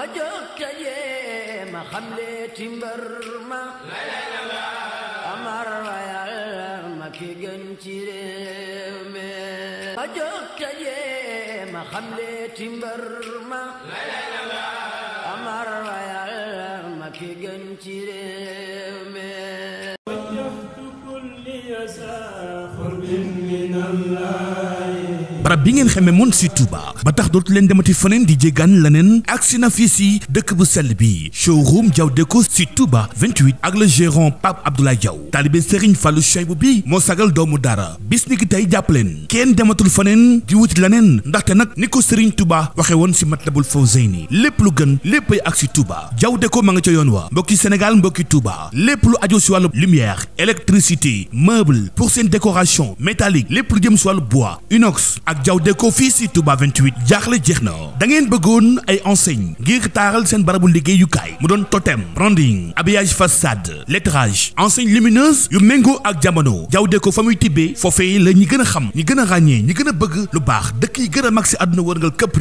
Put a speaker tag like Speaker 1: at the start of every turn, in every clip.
Speaker 1: a jóg te jéem a xamle ti mbër ma amar wa yàlla ma ki gën ci réew mi a jóg te jéem a xamle ti mbër ma amar wa yàlla ma ki gën ci réew mi wajjahtu kulli yasaa qurbin min Allah
Speaker 2: barab bi ngeen xamee moon si Touba ba tax dootu leen demati feneen di jéggaan leneen agsi na fii si dëkk bu sell bi showroom Diaw Déco si Touba 28 ak le gérant Pape Abdoulaye Diaw taalibe Serigne Fallou Cheibou bi moo sagal doomu dara bis ni ki tey jàppaleen kenn dematul feneen di wuti leneen ndaxte nag ni ko Serigne Touba waxe woon si Matlabul Fawzayni lépp lu gën léppay ak si Touba Diaw ko ma nga ca yoon wa mbokki Sénégal mbokki Touba lépp lu ajo si wàllu lumière électricité meuble pour seen décoration métallique ak déco deko Touba 28 jaxle jeex da ngeen bëggoon ay enseigne ngir taral sen barabu kay mu totem branding habillage façade lettrage enseigne lumineuse yu mengo ak jamono jaw deko famuy tibé fofé la ñi gëna xam ñi gëna a ñi Kondal bëgg lu baax dëkk yi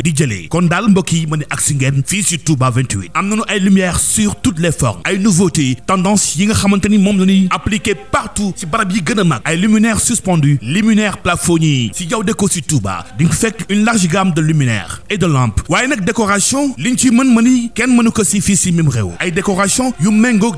Speaker 2: di kon 28 am nañu ay lumière sur toutes les formes ay nouveautés tendance yi nga xamanteni partout si barab yi gëna a ay luminaire suspendu luminaire plafonniers si jaw déco ci Touba Touba une large gamme de luminaires et de lampes waaye une décoration liñ ci mën mëni kenn ko si fii si décoration yu méngoog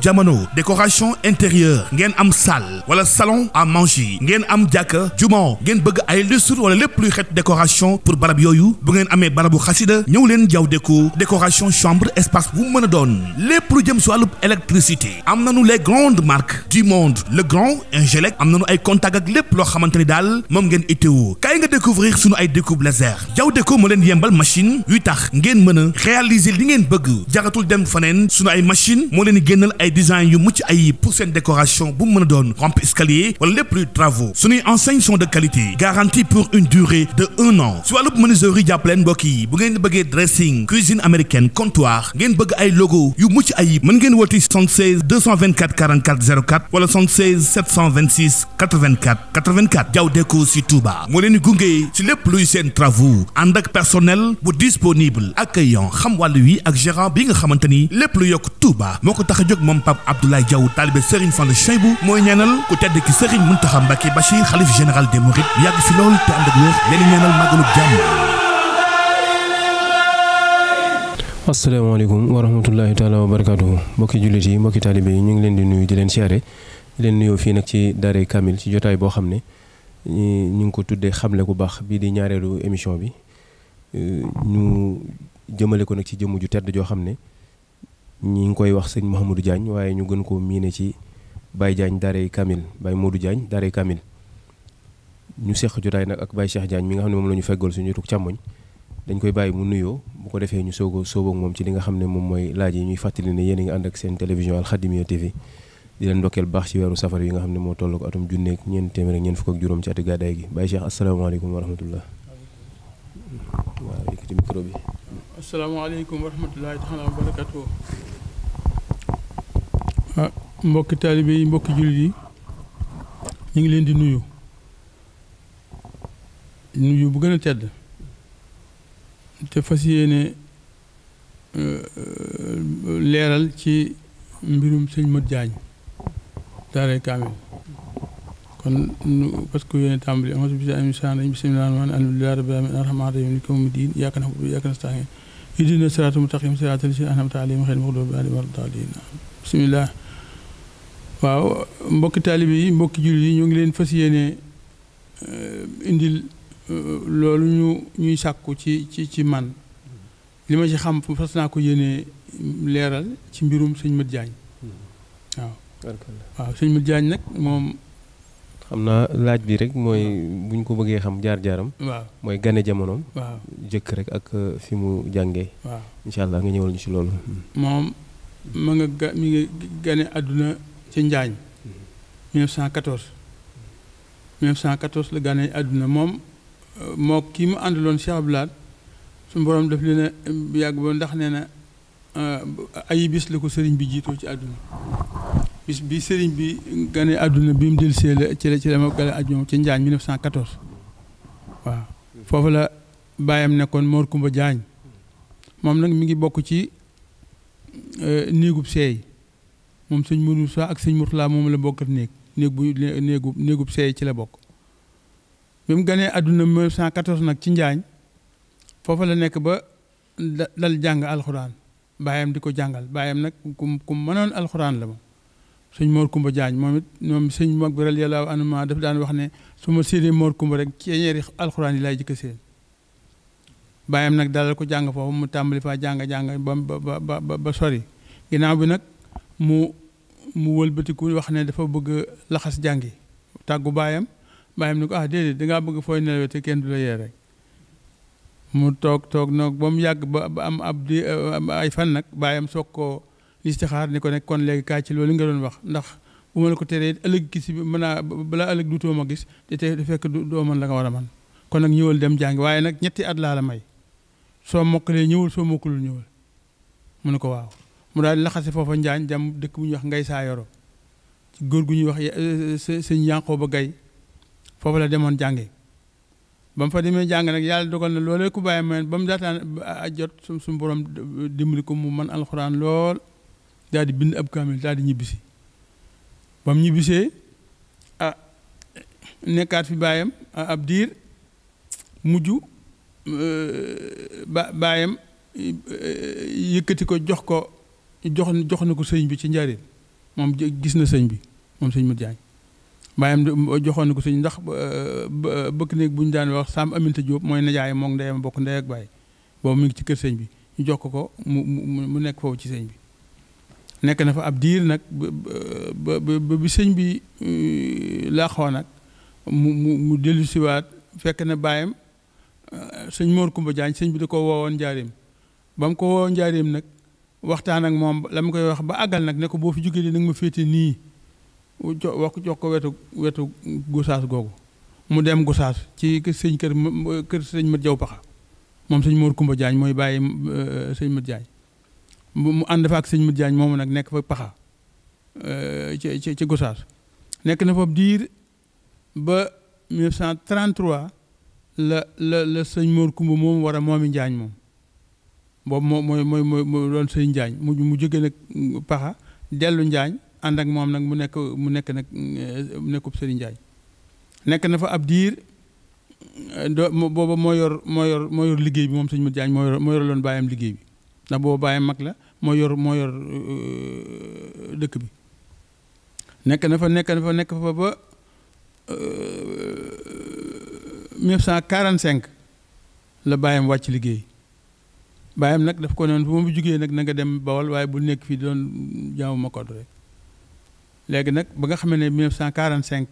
Speaker 2: décoration intérieure ngeen am salle le salon à manger ngeen am jàkka jumaa bug aïe ay lustre wala le plus xeet décoration pour barab yooyu bu barabou amee barabu xasida ñëw leen jaw déco décoration chambre espace bu mën Le plus lépp lu jëm électricité am les grandes marques du monde le grand Ingelec am nañu ay contact ak le plus xamante ni daal moom kay nga découvrir sunu ay découpe laser jaw déco mo len yembal machine Huit tax ngeen meuna réaliser li ngeen bëgg jaratul dem fanen sunu ay machine mo leen gennal ay design yu mucc ay pour seen décoration bu meuna don rampe escalier wala lépp plus travaux sunuy enseignes sont de qualité garantie pour une durée de un an si wàllub menuiserie ya mbokk yi bu ngeen bëggee dressing cuisine américaine comptoir ngeen bëgg ay logo yu mucc ay mën ngeen woti 76 224 44 04 wala 76 726 84 84 jaw déco si Touba moo gungé. gungé lépp luy seen travaux ànd ak personnel bu disponible accueillant xam wàllu wi ak gérant bi nga xamante ni lépp lu yokk Touba moo ko tax a jóg moom Pape Abdoulaye Diaw taalibe Serigne Fallou Cheibou mooy ñaanal ku tedd ki Serigne Mountakha Mbacké Bachir xalif général des Mourides yàgg fi lool te ànd ak wér leen ñaanal màggalu jàmm
Speaker 3: asalaamaaleykum wa rahmatullahi taala wa barakaatuhu mbokki jullit yi mbokki taalibe yi ñu ngi leen di nuyu di leen siyaare di leen nuyoo fii nag ci daaree Kamil ci jotaay boo xam ne ñu ngi ko tuddee xamle bu baax bii di ñaareelu émission bi euh, ñu jëmale ko nag ci jëmm ju tedd joo xam ne ñi ngi koy wax sëñ Mouhamadou Diagne waaye ñu gën koo miine ci Baye Diagne Daaray Kamil Baye Modou Diagne Daaray Kamil ñu seq jotaay nag ak Baye Cheikh Diagne mi nga xam ne moom la ñu feggool suñu tukk càmmoñ dañ koy bàyyi mu nuyoo bu ko defee ñu soog a sóoboo moom ci li nga xam ne moom mooy laaj yi ñuy fàttali ne yéen a ngi ànd ak seen télévision Al Khadimiyyah di len ndokkeel bax ci wéru safar yi nga xamni mo moo tolloog atum ak ñen téeméer ak ñen fukk ak juroom ci ati gaday gi bay Cheikh alaykum wa rahmatullah wa alaykum micro bi
Speaker 4: wa rahmatullahi taala wa barakatuh ah, mbokk talibé yi mbokk jullit yi ñi ngi leen di nuyu nuyu bu gëna tedd te fas euh, euh leeral ci mbirum sëñ Modou داري كامل كن بس كوي نتعامل يعني يوم بس بيجي إنسان بسم الله الرحمن الرحيم الله رب العالمين الرحمن الرحيم لكم مدين يا كن يا كن استعين يدين السرعة المتقيم سرعة الشيء أنا متعلم خير مغلوب بعد برد علينا بسم الله واو مبكي تعلمي مبكي جلدي نجلين فسيني indil loolu ñu ñuy sàkku ci ci ci man li ma ci xam fas naa ko yéene leeral ci mbirum sëñ mat jaañ waaw
Speaker 3: sëñ mu jaañ nag moom. xam naa laaj bi rek mooy bu ñu ko bëggee xam jaar-jaaram. waaw mooy gane jamonoom. waaw jëkk rek ak uh, fi mu jànge waaw incha allah nga ñëwal ñu si loolu.
Speaker 4: moom ma nga ga gane àdduna ci Njaañ. 1914. Mm-hmm. 1914 la gane àdduna moom uh, moo kii mu àndaloon Cheikh Abdoulaye suñu borom daf leen um, yàgg ba ndax nee na uh, ay bis la ko sëriñ bi jiitoo ci àdduna. bis bi sëriñ bi gane àdduna bi mu dellusee la ci la ci la ma gane àdduna ci Njaañ 1914 waaw foofu la baayam nekkoon Mor Kumba Jaañ moom nag mi ngi bokk ci néegub seey moom sëñ Mourou Sa ak sëñ Mourtala moom la bokkat néeg néeg bu néegub néegub seey ci la bokk bi mu ganee àdduna 1914 nag ci Njaañ foofu la nekk ba dal jàng alxuraan baayam di ko jàngal baayam nag ku ku mënoon alxuraan la moom suñ Mor Kumba jaañ moom it moom sëñ mag bi daf daan wax ne su ma Mor Kumba rek ceeñeeri alxuraan yi laay jëkk seen bàyyam nag dalal ko jàng foofu mu tàmbali faa jàng jàng ba ba ba sori ginnaaw bi nag mu mu wëlbatiku wax ne dafa bëgg laxas jàngi tàggu baayam baayam ni ko ah déedéet dangaa bëgg fooy nelawee te kenn du la yee rek mu toog toog noog ba mu yàgg ba am ab di ay fan nag baayam soog koo istixaar ni ko nekk kon léegi kaay ci loolu nga doon wax ndax bu la ko teree ëllëg gis mën a balaa ëllëg duutoo ma gis te te fekk doo mën la nga war a man kon nag ñëwal dem jàngi waaye nag ñetti at laa la may soo mokkalee ñëwal soo mokkalul ñëwal mu ne ko waaw mu daal di laxase foofa njaañ dem dëkk bu ñuy wax ngay saa yoro ci góor gu ñuy wax eh, eh, sëñ yànqoo ba gay foofu la demoon jàngi ba mu fa demee jàng nag yàlla dogal na loolee ku bàyyi ma ba mu daataan jot suñu borom dimbali ko mu man alxuraan lool daal di bind ab kaamil daal di ñibbisi ba mu ñibbisee ah nekkaat fi baayam ah, ab diir mujj euh, ba baayam euh, yëkkati ko jox ko jox jox na ko sëñ bi ci njariñ moom gis na sëñ bi moom sëñ Modou Diagne baayam joxoon na ko sëñ ndax bëkk néeg bu ñu daan wax Sam Aminta Diop mooy najaay moom ndeyam bokk ndey ak baay boobu mu ngi ci kër sëñ bi ñu jox ko ko mu mu nekk foofu ci sëñ bi. nekk na fa ab diir nag ba ba bi sëñ bi euh, laaxoo nag mu mu mu dellu siwaat fekk na baayam euh, sëñ Mor Kumba Jaañ sëñ bi da ko woowoon njaarim ba mu ko woowoon njaareem nag waxtaan ak moom la mu koy wax ba àggal nag ne ko boo fi jógee di nag ma féete nii wax jox ko wetu wetu gosaas googu mu dem gosaas ci sëñ kër sëñ Mat Jaw Paxa moom sëñ Mor Kumba Jaañ mooy bàyyi euh, sëñ Mat Jaañ mu ànd fa ak sëñ Modou jaañ moomu nag nekk fa paxa ci ci ci Gossas nekk na foofu diir ba 1933 la la la sëñ Mor Kumba moomu war a moomi Njaañ moom boobu moo mooy mooy mooy doon sëñ Njaañ mu mu jóge nag paxa dellu Njaañ ànd ak moom nag mu nekk mu nekk nag mu euh, nekkub sëriñ Njaañ nekk na fa ab diir euh, do booba moo yor moo yor moo yor liggéey bi moom sëñ Modou Diagne moo yor moo yor loon bàyyam liggéey bi ndax boobu bàyyi mag la moo yor moo yor euh, dëkk bi nekk na fa nekk na fa nekk fa ba 1945 euh, la bàyyam wàcc liggéey bàyyam nag daf ko noonu fu mu jugee nag na nga dem Bawol waaye bu nekk fii doon jaamu ma kodd rek léegi nag ba nga xam ne 1945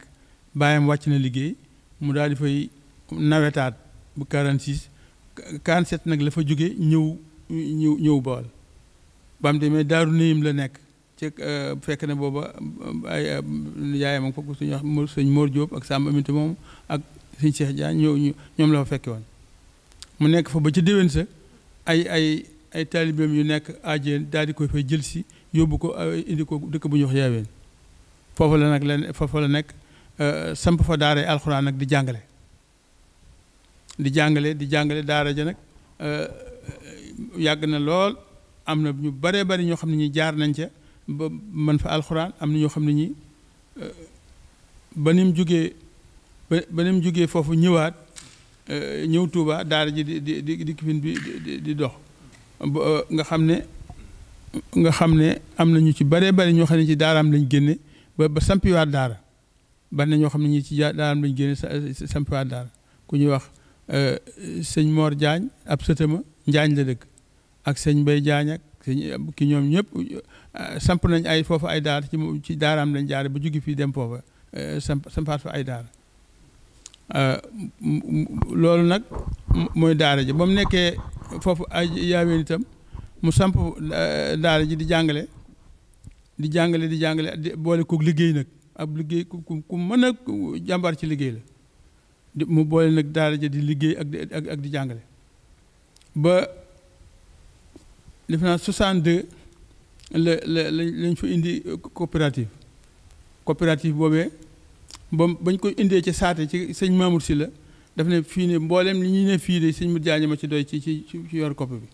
Speaker 4: bàyyam wàcc na liggéey mu daal di fay nawetaat bu 46 47 nag la fa jóge ñëw. ñëw ñëw Bawol ba mu demee Daaru Nayim la nekk ci euh, fekk ne booba euh, ay euh, yaayam ak fokk suñu wax sëñ Mor ak Samba Aminta moom ak sëñ Cheikh Diagne ñoom la fa fekki woon mu nekk fa ba ci déwén sa ay ay ay taalibeem yu nekk ajeen daal di koy fay jël si yóbbu ko indi ko dëkk bu ñuy wax yaaween foofu la nag la foofu nekk samp fa daara alxuraan nag di jàngale di jàngale di jàngale daara ja nag yàgg na lool am na ñu baree bari ñoo xam ne ñi jaar nañ ca ba man fa alxuraan am na ñoo xam ne ñi euh, ba ni mu jugee ba ba ni mu jugee foofu ñëwaat euh, ñëw tuubaa daara ji di di di di kifin bi di dox euh, nga xam ne nga xam ne am na ñu ci baree bari ñoo xam ne ci daaraam lañ génne ba ba sampiwaat daara na ñoo xam ne ñi ci daaraam lañ génne sampiwaat daara ku ñuy wax sëñ Mor jaañ ab sëtëma Njaañ la dëkk ak sëñ Mbaye Diagne ak sëñ ki ñoom ñëpp samp nañ ay foofu ay daara ci ci daaraam lañ jaar ba jóge fii dem foofa eh, samp sampaat fa ay daara eh, loolu nag mooy daara ji ba mu nekkee foofu ay yaaween itam mu samp eh, daara ji di jàngale di jàngale di jàngale boole kook liggéey nag ab liggéey ku ku mën a jàmbaar ci liggéey la mu boole nag daara ji di liggéey ak ak di jàngale defe naa 62 la la lañ fi indi coopérative coopérative boobee ba bañ koy indee ci saate ci sëñ Mamour si la daf ne fii ne mbooleem li ñuy ne fii de sëñ mu jaañe ma ci doy ci ci ci yor kopp bi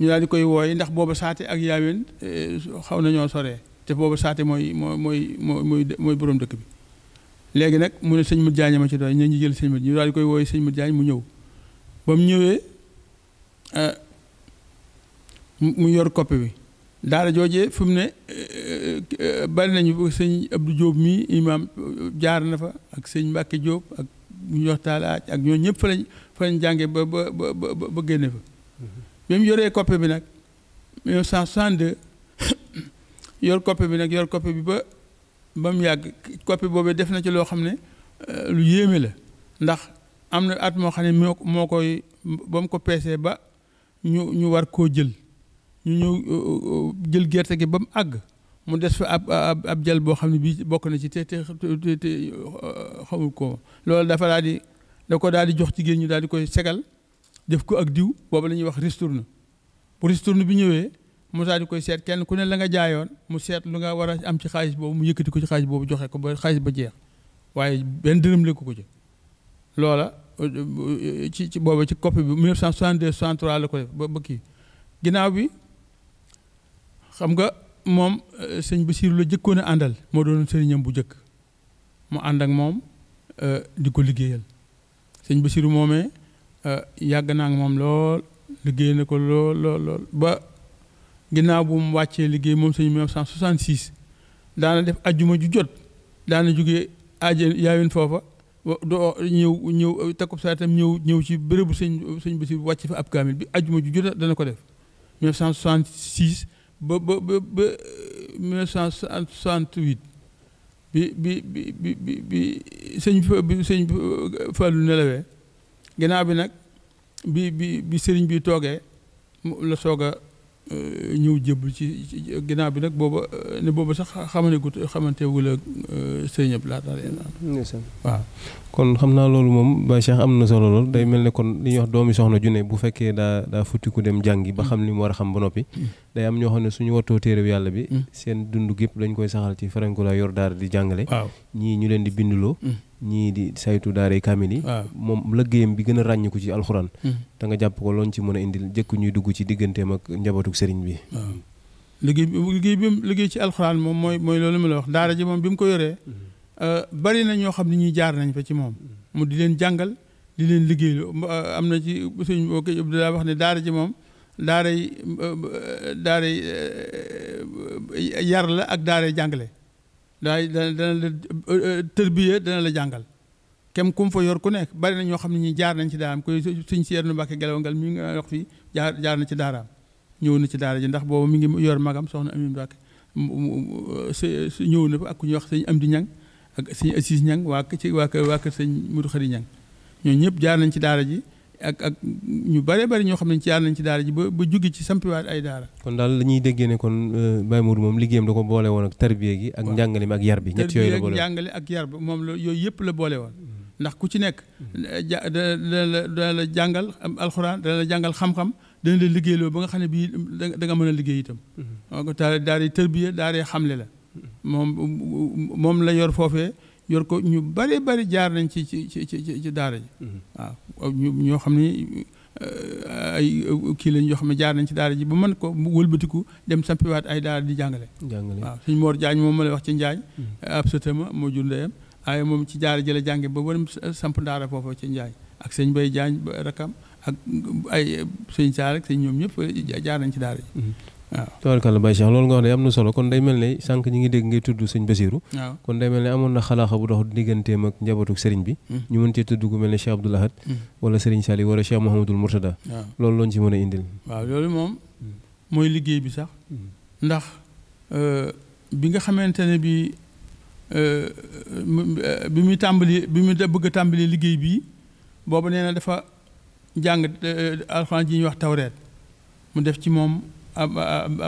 Speaker 4: ñu daal di koy wooye ndax boobu saate ak yaaween eh, xaw nañoo soree te boobu saate mooy mooy mooy mooy mooy borom dëkk bi léegi nag mu ne sëñ mu jaañe ma ci doy ñu jël sëñ mu ñu daal di koy wooy sëñ mu jaañ mu ñëw ba ñëwee eh, mu yor copie bi daal joojee fi mu ne eh, eh, bari nañu sëñ Abdou jóob mii imaam jaar na fa ak sëñ Mbacke Diop ak mu ñu waxtaan ak ñoo ñëpp fa lañ fa lañ jàngee ba ba ba ba génne fa. Mm-hmm. bi mu yoree bi nag 1962 yor copie bi nag yor copie bi ba ba mu yàgg copie boobee def na ci loo xam ne eh, lu yéeme la ndax am na at moo xam ne moo moo koy ba mu ko peesee ba ñu ñu war koo jël. ñu ñëw euh, euh, euh, jël gerte gi ba mu àgg mu des fa ab ab ab jël boo xam ne bii bokk na ci te te te xamul ko loolu dafa daal da ko daal di jox jigéen ñu daal di koy segal def ko ak diw boobu la ñuy wax ristourne bu ristourne bi ñëwee mu daal di koy seet kenn ku ne la nga jaayoon mu seet lu nga war a am ci xaalis boobu mu yëkkati ko ci xaalis boobu joxe ko ba xaalis ba jeex waaye benn dërëm lekku ko ci loola ci ci boobu ci copie bi 1962 63 la ko def ba ba bi. xam nga moom euh, sëñ Bassirou la jëkkoon a àndal moo doon sëriñam bu jëkk mu ànd ak moom euh, di ko liggéeyal sëñ Bassirou moomee euh, yàgg naa ak moom lool liggéey na ko lool lool lool ba ginnaaw bu mu wàccee liggéey moom sëñ 1966 daana def ajjuma ju jot daana jógee aajee yaawin foofa doo ñëw ñëw takku saa itam ñëw ñëw ci bërëbu sëñ sëñ Bassirou wàcce fa ab kaamil bi ajjuma ju jot dana ko def 1966 ba ba ba ba 1968 bi bi bi bi bi bi sëñ nelawee gannaaw bi nag bi bi bi sëriñ bi toogee la soog a Euh, ñëw jébbu ci ginnaaw bi nag booba euh, ne booba sax xamaniku xamante wu la sëñ ab laata
Speaker 3: waaw kon xam naa loolu moom Baye Cheikh am na solo lool day mel ne kon li ñuy wax doomi soxna ju ne bu fekkee daa daa futtiku dem jàngi ba xam ni mu war a xam ba noppi mm. day am ñoo xam ne suñu wattoo téere yàlla bi mm. seen dund gépp dañ koy saxal ci faranku laay yor daara di jàngale ñii ñu leen di binduloo mm. ñii di saytu daaray kaamil yi moom lëggéeyam bi gën a ràññiku ci alxuraan da hmm. nga jàpp ko loon ci mën a indil jëkk ñuy dugg ci digganteem ak njabootuk sëriñ bi liggéey liggéey bi liggéey ci alxuraan moom mooy mooy loolu ma la wax daara ji moom bi mu ko
Speaker 4: yoree hmm. euh, bari na ñoo xam ne ñuy jaar nañ fa ci moom hmm. mu di leen jàngal di leen liggéeylu euh, am na ci sëñ boo koy daa wax ne daara ji moom daaray euh, daaray yar la ak daaray jàngale daay dana dana la euh, euh, tërbiye dana la jàngal kem kum fa yor ku nekk bari na ñoo xam ne ñi jaar nañ ci daaraam koy suñ si yernu Mbàkke Galaw Ngal mi ngi wax fii jaar jaar na ci daaraam ñëw na ci daara ji ndax boobu mi ngi yor magam soxna Ami Mbàkke su ñëw na fa ak ku ñuy wax sëñ Amdi Ñang ak sëñ Assis Ñang waa ci waa kër waa kër sëñ Mudu Xari Ñang ñëpp jaar nañ ci daara ji ak ak ñu bëree bëri ñoo xam ne ci yàlla nañ ci daara ji ba ba jóge ci sampiwaat ay daara.
Speaker 3: kon daal la ñuy déggee ne kon euh, Baye Mourou moom liggéeyam da ko boole woon ak tarbiya gi ak njàngale mi ak yar bi. ñett yooyu la boole woon
Speaker 4: njàngale ak yar bi yëpp la boole woon. Mm. ndax ku ci nekk. Eh, ja dana la la jàngal alxuraan dana jàngal xam-xam dana la ba nga xam ne bii da nga mën a liggéey itam. Mm-hmm. donc daara tarbiya daara xamle la. Mm-hmm. moom moom la yor foofee yor ko ñu bari bari jaar nañ ci ci ci ci ci daara ji. Mm-hmm. waaw ñoo xam ni eh, ay eh, kii lañ yoo xam ne jaar nañ ci daara ji ba mën ko wëlbatiku dem sampiwaat ay daara di jàngale. jàngale waaw suñ Mor jaañ moom ma lay wax ci Njaañ. Mm-hmm. ab sëtama moo jur ndeyam waaye moom ci jaar ji la jànge ba waram samp daara foofa ci Njaañ ak sëñ Bay jaañ ba rakam ak ay sëñ Saar ak sëñ ñoom ñëpp jaar nañ ci daara ji.
Speaker 3: Mm-hmm. waaw tubaarkàlla Baye Cheikh loolu nga wax ne am na solo kon day mel ne sànq ñi ngi dégg ngay tudd sëñ Basiru kon day mel ne amoon na xalaaxa bu dox digganteem ak njabootuk sëriñ bi hmm. ñu mën cee tudd ku mel ne Cheikh Abdoul Ahad hmm. wala sëriñ Sali wala Cheikh Mouhamadul Mourtada loolu lañ ci mën a indil
Speaker 4: waaw loolu moom hmm. mooy liggéey bi sax ndax euh, bi nga xamante ne bi euh, euh, bi muy tàmbali bi muy bëgg a tàmbali liggéey bii boobu nee na dafa jàng alxuraan ji ñu wax tawreet mu def ci moom ab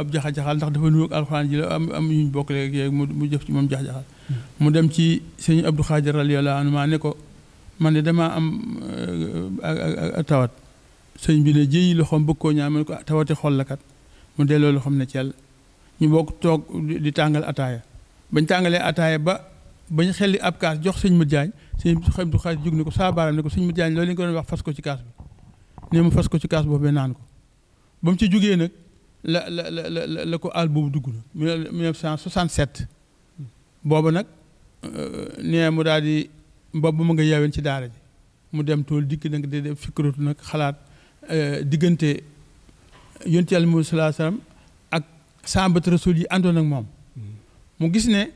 Speaker 4: ab jaxa-jaxal ndax dafa lu alxuraan ji la am am yuñ bokk léegi yéeg mu jëf ci moom jax-jaxal hmm. mu dem ci sëñ Abdou xaajaral radiyallaahu anhu maa ne ko man de damaa am euh, ak tawat sëñ bi ne jëyi loxoom bëgg koo ñaan ma ne ko ah, tawati xol la kat mu delloo loxoom ne ceel ñu bokk toog di tàngal ataaya bañ tàngalee ataaya ba ba bañ xelli ab kaas jox sëñ mu jaañ sëñ Abdou Xaadir jóg ne ko saa baaram ne ko sëñ mu jaañ loolu lañ ko doon wax fas ko ci kaas bi ne mu fas ko ci kaas boobu naan ko ba mu ci jógee nag la la la la ko àll boobu dugg na 1967 boobu nag euh, nee mu daal di boobu mu nga yeeween ci daara ji mu dem tool dikk nag di def nag xalaat euh, diggante yonti yàlla Muhammad sallallahu ak sàmbat rasul yi àndoon ak moom mu gis ne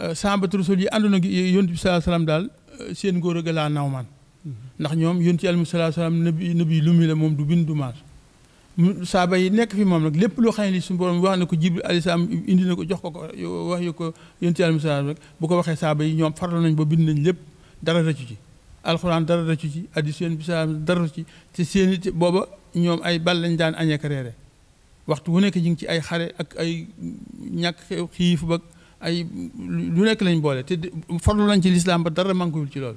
Speaker 4: euh, sàmbat rasul yi àndoon ak yonti bi sallallahu daal seen ngóor a laa naw man mm-hmm. ndax ñoom yonti yàlla Muhammad sallallahu alayhi wasallam nabi nabi lu mu la moom du bind du saaba yi nekk fi moom nag lépp loo xam ne li suñu borom wax na ko jibril alayhi salaam indi na ko jox ko ko wax yu ko yonent yàlla musaa rek bu ko waxee saaba yi ñoom farlu nañ ba bind nañ lépp dara rëccu ci alxuraan dara rëccu ci hadiis yonent bi salaam dara rëccu ci te seen it booba ñoom ay bal lañ daan añee ak waxtu wu nekk ñu ngi ci ay xare ak ay ñàkk xiif ba ay lu nekk lañ boole te farlu nañ ci lislaam ba dara manquewul ci loolu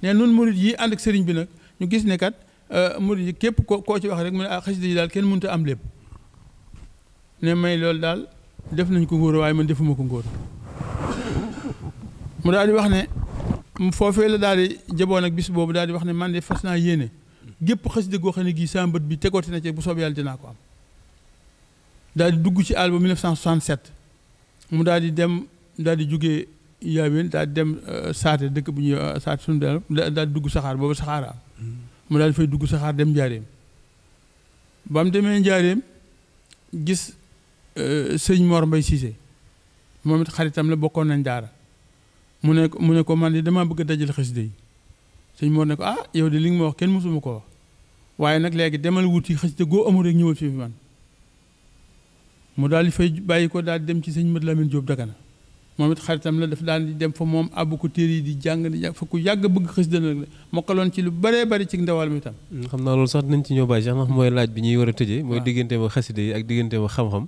Speaker 4: ne nun murit yi ànd ak sëriñ bi nag ñu gis ne kat Euh, murid yi képp ko koo ci wax rek mu ne ah xasida daal kenn mënut a am lépp ne may loolu daal def nañ ko ngóor waaye man defuma ko ngóor mu daal di wax ne foofee la daal di jaboon ak bis boobu daal di wax ne man de fas naa yéene gépp xasida goo ne gii saa mbët bi tegooti na ci bu soob yàlla dinaa ko am daal di dugg ci àll ba 1967 mu daal di dem daal di jugee yaawén daal di dem euh, saate dëkk bu ñuy euh, saate suñu daal daal di dugg saxaar boobu saxaara mu daal fay dugg saxaar dem njaareem ba mu demee njaareem gis euh, sëñ Mor Mbay Cissé moom it xaritam la bokkoon nañ daara mu ne mu ne ko man de damaa bëgg a dajale xasida yi sëñ Mor ne ko ah yow de li nga ma wax kenn mosuma ko wax waaye nag léegi demal wuti xasida goo amul rek ñëwal fi man mu daal di fay bàyyi ko daal dem ci sëñ la Lamin Jóob Dagana moom it xaritam la daf daan di dem fa moom àbb ko téere yi di jàng di fa ku yàgg bëgg xasida nag de mokkaloon ci lu bare bëri ci ndawal mi tam mm,
Speaker 3: xam naa loolu sax dinañ ci ñëw bàyyi sax ndax mooy laaj bi ñuy war a tëjee mooy diggante ma xasida yi ak diggante ma xam-xam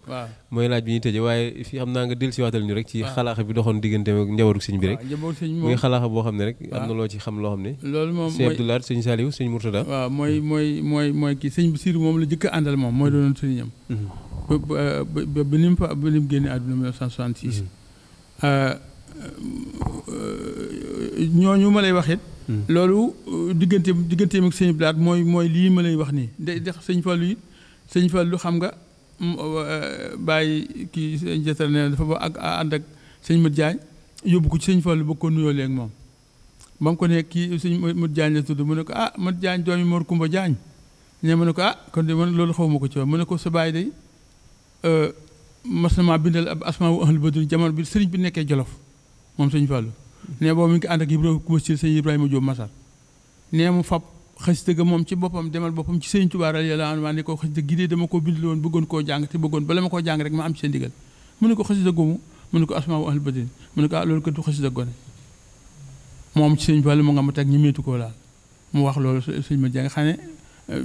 Speaker 3: mooy laaj bi ñuy tëjee waaye fii xam naa nga del si waatal ñu rek ci xalaaxa bi doxoon diggante ma njabaru sëñ bi rek muy xalaaxa boo xam ne rek am na loo ci xam loo xam ne loolu moom sëñ Abdoulaat sëñ Saliou mm.
Speaker 4: moom la jëkk àndal moom mooy mm. doonoon sëriñam ba ba ni mu fa Euh, euh, ñooñu ma lay wax it. Hmm. loolu euh, diggante digganteem ak sëñ blaat mooy mooy lii ma lay wax nii de dex sëñ Fallou it sëñ Fallou xam nga bàyyi kii sëñ Jatar ne dafa ba ak ànd ak sëñ mët Jaañ yóbbu ko ci sëñ Fallou ba ko nuyoo léegi moom. ba ko ne kii sëñ Mat Jaañ la tudd mu ne ko ah Mat Jaañ doomi Mor Kumba Jaañ ne mu ne ko ah kon de man loolu xaw ma ko ci woon mu ne ko sa baay day mas na maa bindal ab asmaa wu ahlu badri jamono bi sëriñ bi nekkee jolof moom sëñ Fallou nee boobu mi ngi ko ànd ak Ibrahima Koussi sëñ Ibrahima Diop mu fab xasida ga moom ci boppam demal boppam ci sëñ Tuubaa radiyallaahu anhu maa ne ko xasida gi dee dama koo bindal woon koo jàng te bëggoon bala ma koo jàng rek am ci seen digal mu ne ko xasida goomu mu ne ko asmaa mu ne loolu kat du moom ci sëñ Fallou mu nga ma teg ñu méetu koo laal mu wax loolu sëñ ma jàng xam ne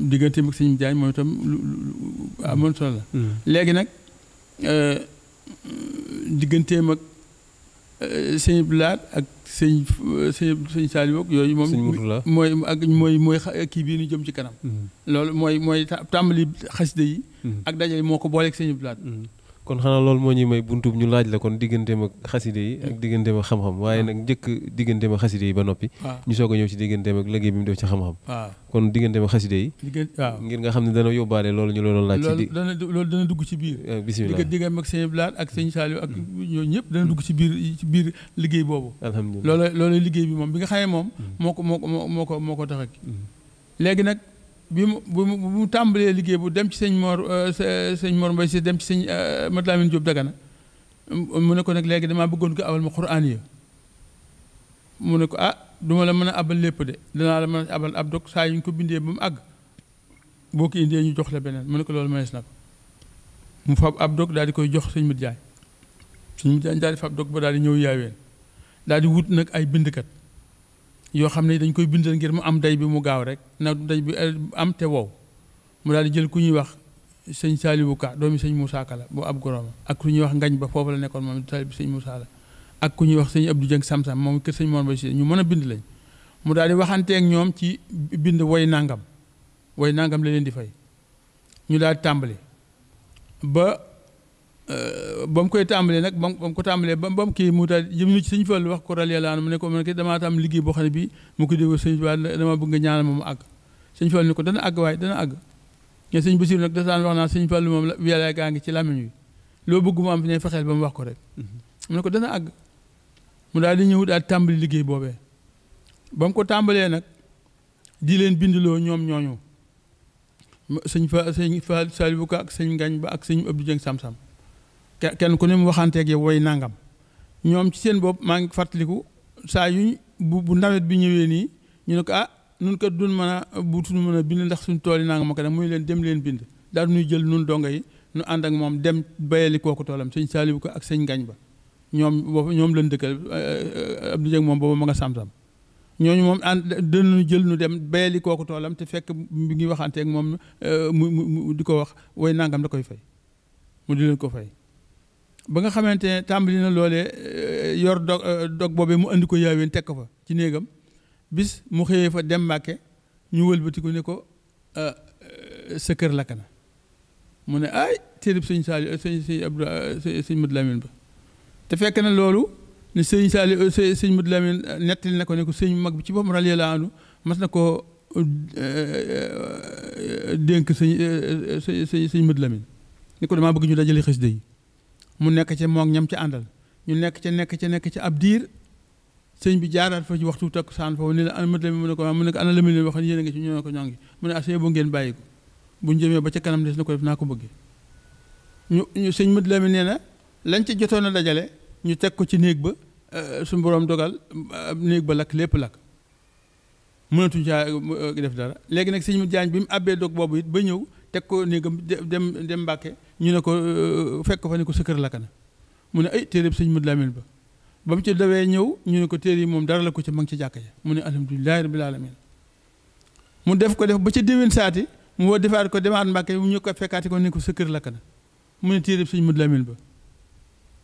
Speaker 4: digganteem ak sëñ Jaañ moom itam lu amoon solo la léegi nag Euh, digganteem ak euh, sëñ Blaat ak sëñ euh, sëñ sëñ Saliou yooyu moom mooy ak mooy mooy kii bii ñu jëm ci kanam mm-hmm. lool mooy mooy tàmbali xasida yi mm-hmm. ak yi moo ko booleeg
Speaker 3: sëñ Blaat kon xanaa loolu moo ñuy may buntub ñu laaj la kon digganteem ak xaside yi ak mm. digganteem ak xam-xam mm. waaye nag njëkk digganteem ak xaside yi ba noppi ñu soo a ñëw ci digganteem ak liggéey bi mu def ci xam-xam kon digganteem ak xaside yi ngir nga xam ne dana yóbbaale loolu ñu la doon laaj ci
Speaker 4: loolu dana dugg ci biir eh, bismillah diggam ak sëñ Blaat ak sëñ Saliou ak mm. ñoo ñëpp dana dugg ci biir ci biir liggéey boobu alhamdulilah loolu loolu liggéey bi moom bi nga xamee moom moo ko moo ko ko moo ko tax ak léegi nag bi mu bu mu tàmbalee liggéey bu dem ci sëñ Mor sëñ Mor Mbaye si dem ci sëñ Mat Lamine Diop Dagana mu ne ko nag léegi damaa bëggoon ko abal ma xuraan ya mu ne ko ah duma la mën a abal lépp de danaa la mën a abal ab dog saa yu ñu ko bindee ba mu àgg boo ko indee ñu jox la beneen mu ne ko loolu mënees na ko mu fab ab dog daal di koy jox sëñ Mat Jaay sëñ Mat Jaay daal di fab dog ba daal di ñëw yaaween daal di wut nag ay bindkat yoo xam ne dañ koy bindal ngir mu am day bi mu gaaw rek na day bi eh, am te wow mu daal di jël ku ñuy wax sëñ Saliou Ka doomi sëñ Moussa Ka la bu ab gorooma ak ku ñuy wax ngañ ba foofu la nekkoon moom taalibe sëñ Moussa la ak ku ñuy wax sëñ Abdou Dieng Samsam moom kër sëñ Mor Ba si ñu mën a bind lañ mu daal di waxante ak ñoom ci bind woy nangam woy nangam la di fay ñu daal di tàmbali ba Euh, ba mu koy tàmbalee nag ba mu ko tàmbalee ba mu kii mu daal jëm ci sëñ Fallu wax ko radiyallaahu mu ne ko man kay damaa tam liggéey boo xam ne bii mu ko déggoo sëñ Fallu dama bëgg nga ne ko dana àgg waaye dana àgg mais sëñ Basiru nag daan wax sëñ Fallu moom yàlla gaa ngi ci làmmiñ loo bëgg mu am ne fexeel ba mu wax ko rek mm-hmm. mu ko dana àgg daal di ñëw daal tàmbali liggéey boobee ba ko tàmbalee nag di leen bindloo ñoom ñooñu sëñ fa sëñ fa Saliou Ka sëñ Ngañ ba ak sëñ Abdou Dieng Sam kenn ku ni mu waxanteeg yow way nangam ñoom ci seen bopp maa ngi fàttaliku saa yuñ bu bu nawet bi ñëwee nii ñu ne ko ah nun ko dun mën a buutuñu mën a bind ndax suñ tool yi nangam ak nag muy leen dem bind daal jël nun donga yi nu ànd ak moom dem bayali kooku toolam sëñ saalibu ko ak sëñ ngañ ba ñoom boobu ñoom lañ dëkkal eh, eh, Abdou Dieng moom boobu ma nga sam-sam ñooñu moom ànd dinañu jël nu dem bayali kooku toolam te fekk bi ngi waxanteeg moom eh, mu mu di ko wax woy nangam da koy fay mu di leen ko fay ba nga xamantene ne tàmbali na loolee yor dog dog boobee mu andi ko yaaween teg ko fa ci négam bis mu xeyé fa dem maké ñu wëlbatiku ne euh sa kër la kana mu ne ay téerib seigne sali seigne seigne Abdou seigne Modou Lamine ba te fekk na lolou ni seigne sali seigne Modou Lamine nettali na ko ne mag bi ci boppam radiyallaahu anhu mas na ko dénk seigne seigne sëñ Modou Lamine ni ko bëgg ñu dajale xëss yi mu nekk ca moog ñam ca àndal ñu nekk ca nekk ca nekk ci ab diir sëñ bi jaaraat fa ci waxtu takkusaan foofu ni la ana mat la ne ko mu ne ko ana la mu leen waxoon yéen a ngi ci ñu ne ko ñoo ngi mu ne asee bu ngeen bàyyi bu ñu jëmee ba ca kanam des na ko def naa ko bëggee ñu ñu sëñ mat la mi nee na lañ ci jotoon a dajale ñu teg ko ci néeg ba euh, suñu borom dogal euh, néeg ba lakk lépp lakk mënatuñ caa euh, def dara léegi nag sëñ mu jaañ bi mu àbbee dog boobu it ba ñëw teg ko néegam dem dem Mbàkke ñu ne ko euh, fekk fa ne ko sa kër lakana mu ne ay téere bi suñ sëñ la Lamine ba ba mu ci dawee ñëw ñu ne ko téere yi moom dara la ko ci ma ngi ci jàkka ja mu ne alhamdulilahi rabbil alamin mu def ko def ba ci déwén saati mu woo defaat ko demaat Mbàkke mu ñu ko fekkaati ko ne ko sa kër lakana mu téere bi sëñ Modou Lamine ba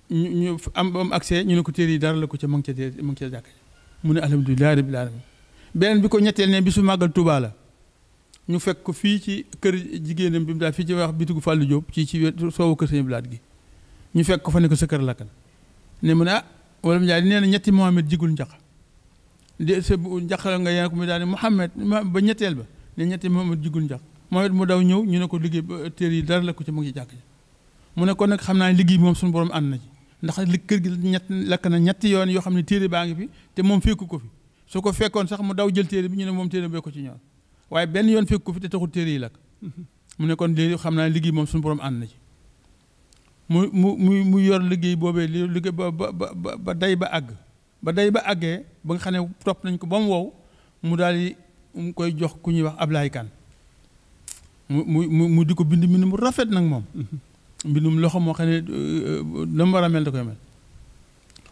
Speaker 4: ñu ñu am am accès ñu ne ko téer yi dara la ko ci ma ngi ca ma ngi ca jàkka ja mu ne alhamdulilahi rabbil alamin beneen bi ko ñetteel ne bisu màggal Tuubaa la ñu fekk ko fii ci kër jigéenam bi mu daal fii ci wax bitigu Fallou jóob ci ci soowu kër Sëñ Blaat gi ñu fekk ko fa ne ko sa kër lakkal ne mu ne ah wala mu daal nee na ñetti Mohamed jigul njaq de sa njaqal nga yéen ko mu daal ne ba ñetteel ba ne ñetti Mohamed jigul njax Mohamed mu daw ñëw ñu ne ko liggéey ba téer yi dara la ko ci mu ngi jàkk ji mu ne kon nag xam naa liggéey moom suñu borom ànd na ci ndax li kër gi ñett lakk na ñetti yoon yoo xam ne téere baa ngi fi te moom fekku ko fi su ko fekkoon sax mu daw jël téere bi ñu ne moom téere bee ko ci ñoom waaye benn yoon fekk ko fi te taxul téere yi lakk mm-hmm. mu ne kon lii xam naa liggéey moom suñu borom ànd na ci mu mu mu mu yor liggéey boobee li liggéey ba ba ba day ba àgg ba day ba àggee ba nga xam ne topp nañ ko ba mu wow mu daal di mu koy jox ku ñuy wax Ablaye Kane mu mu mu di ko bind mbind mu rafet nag moom mm-hmm. loxo moo xam euh, euh, da koy mel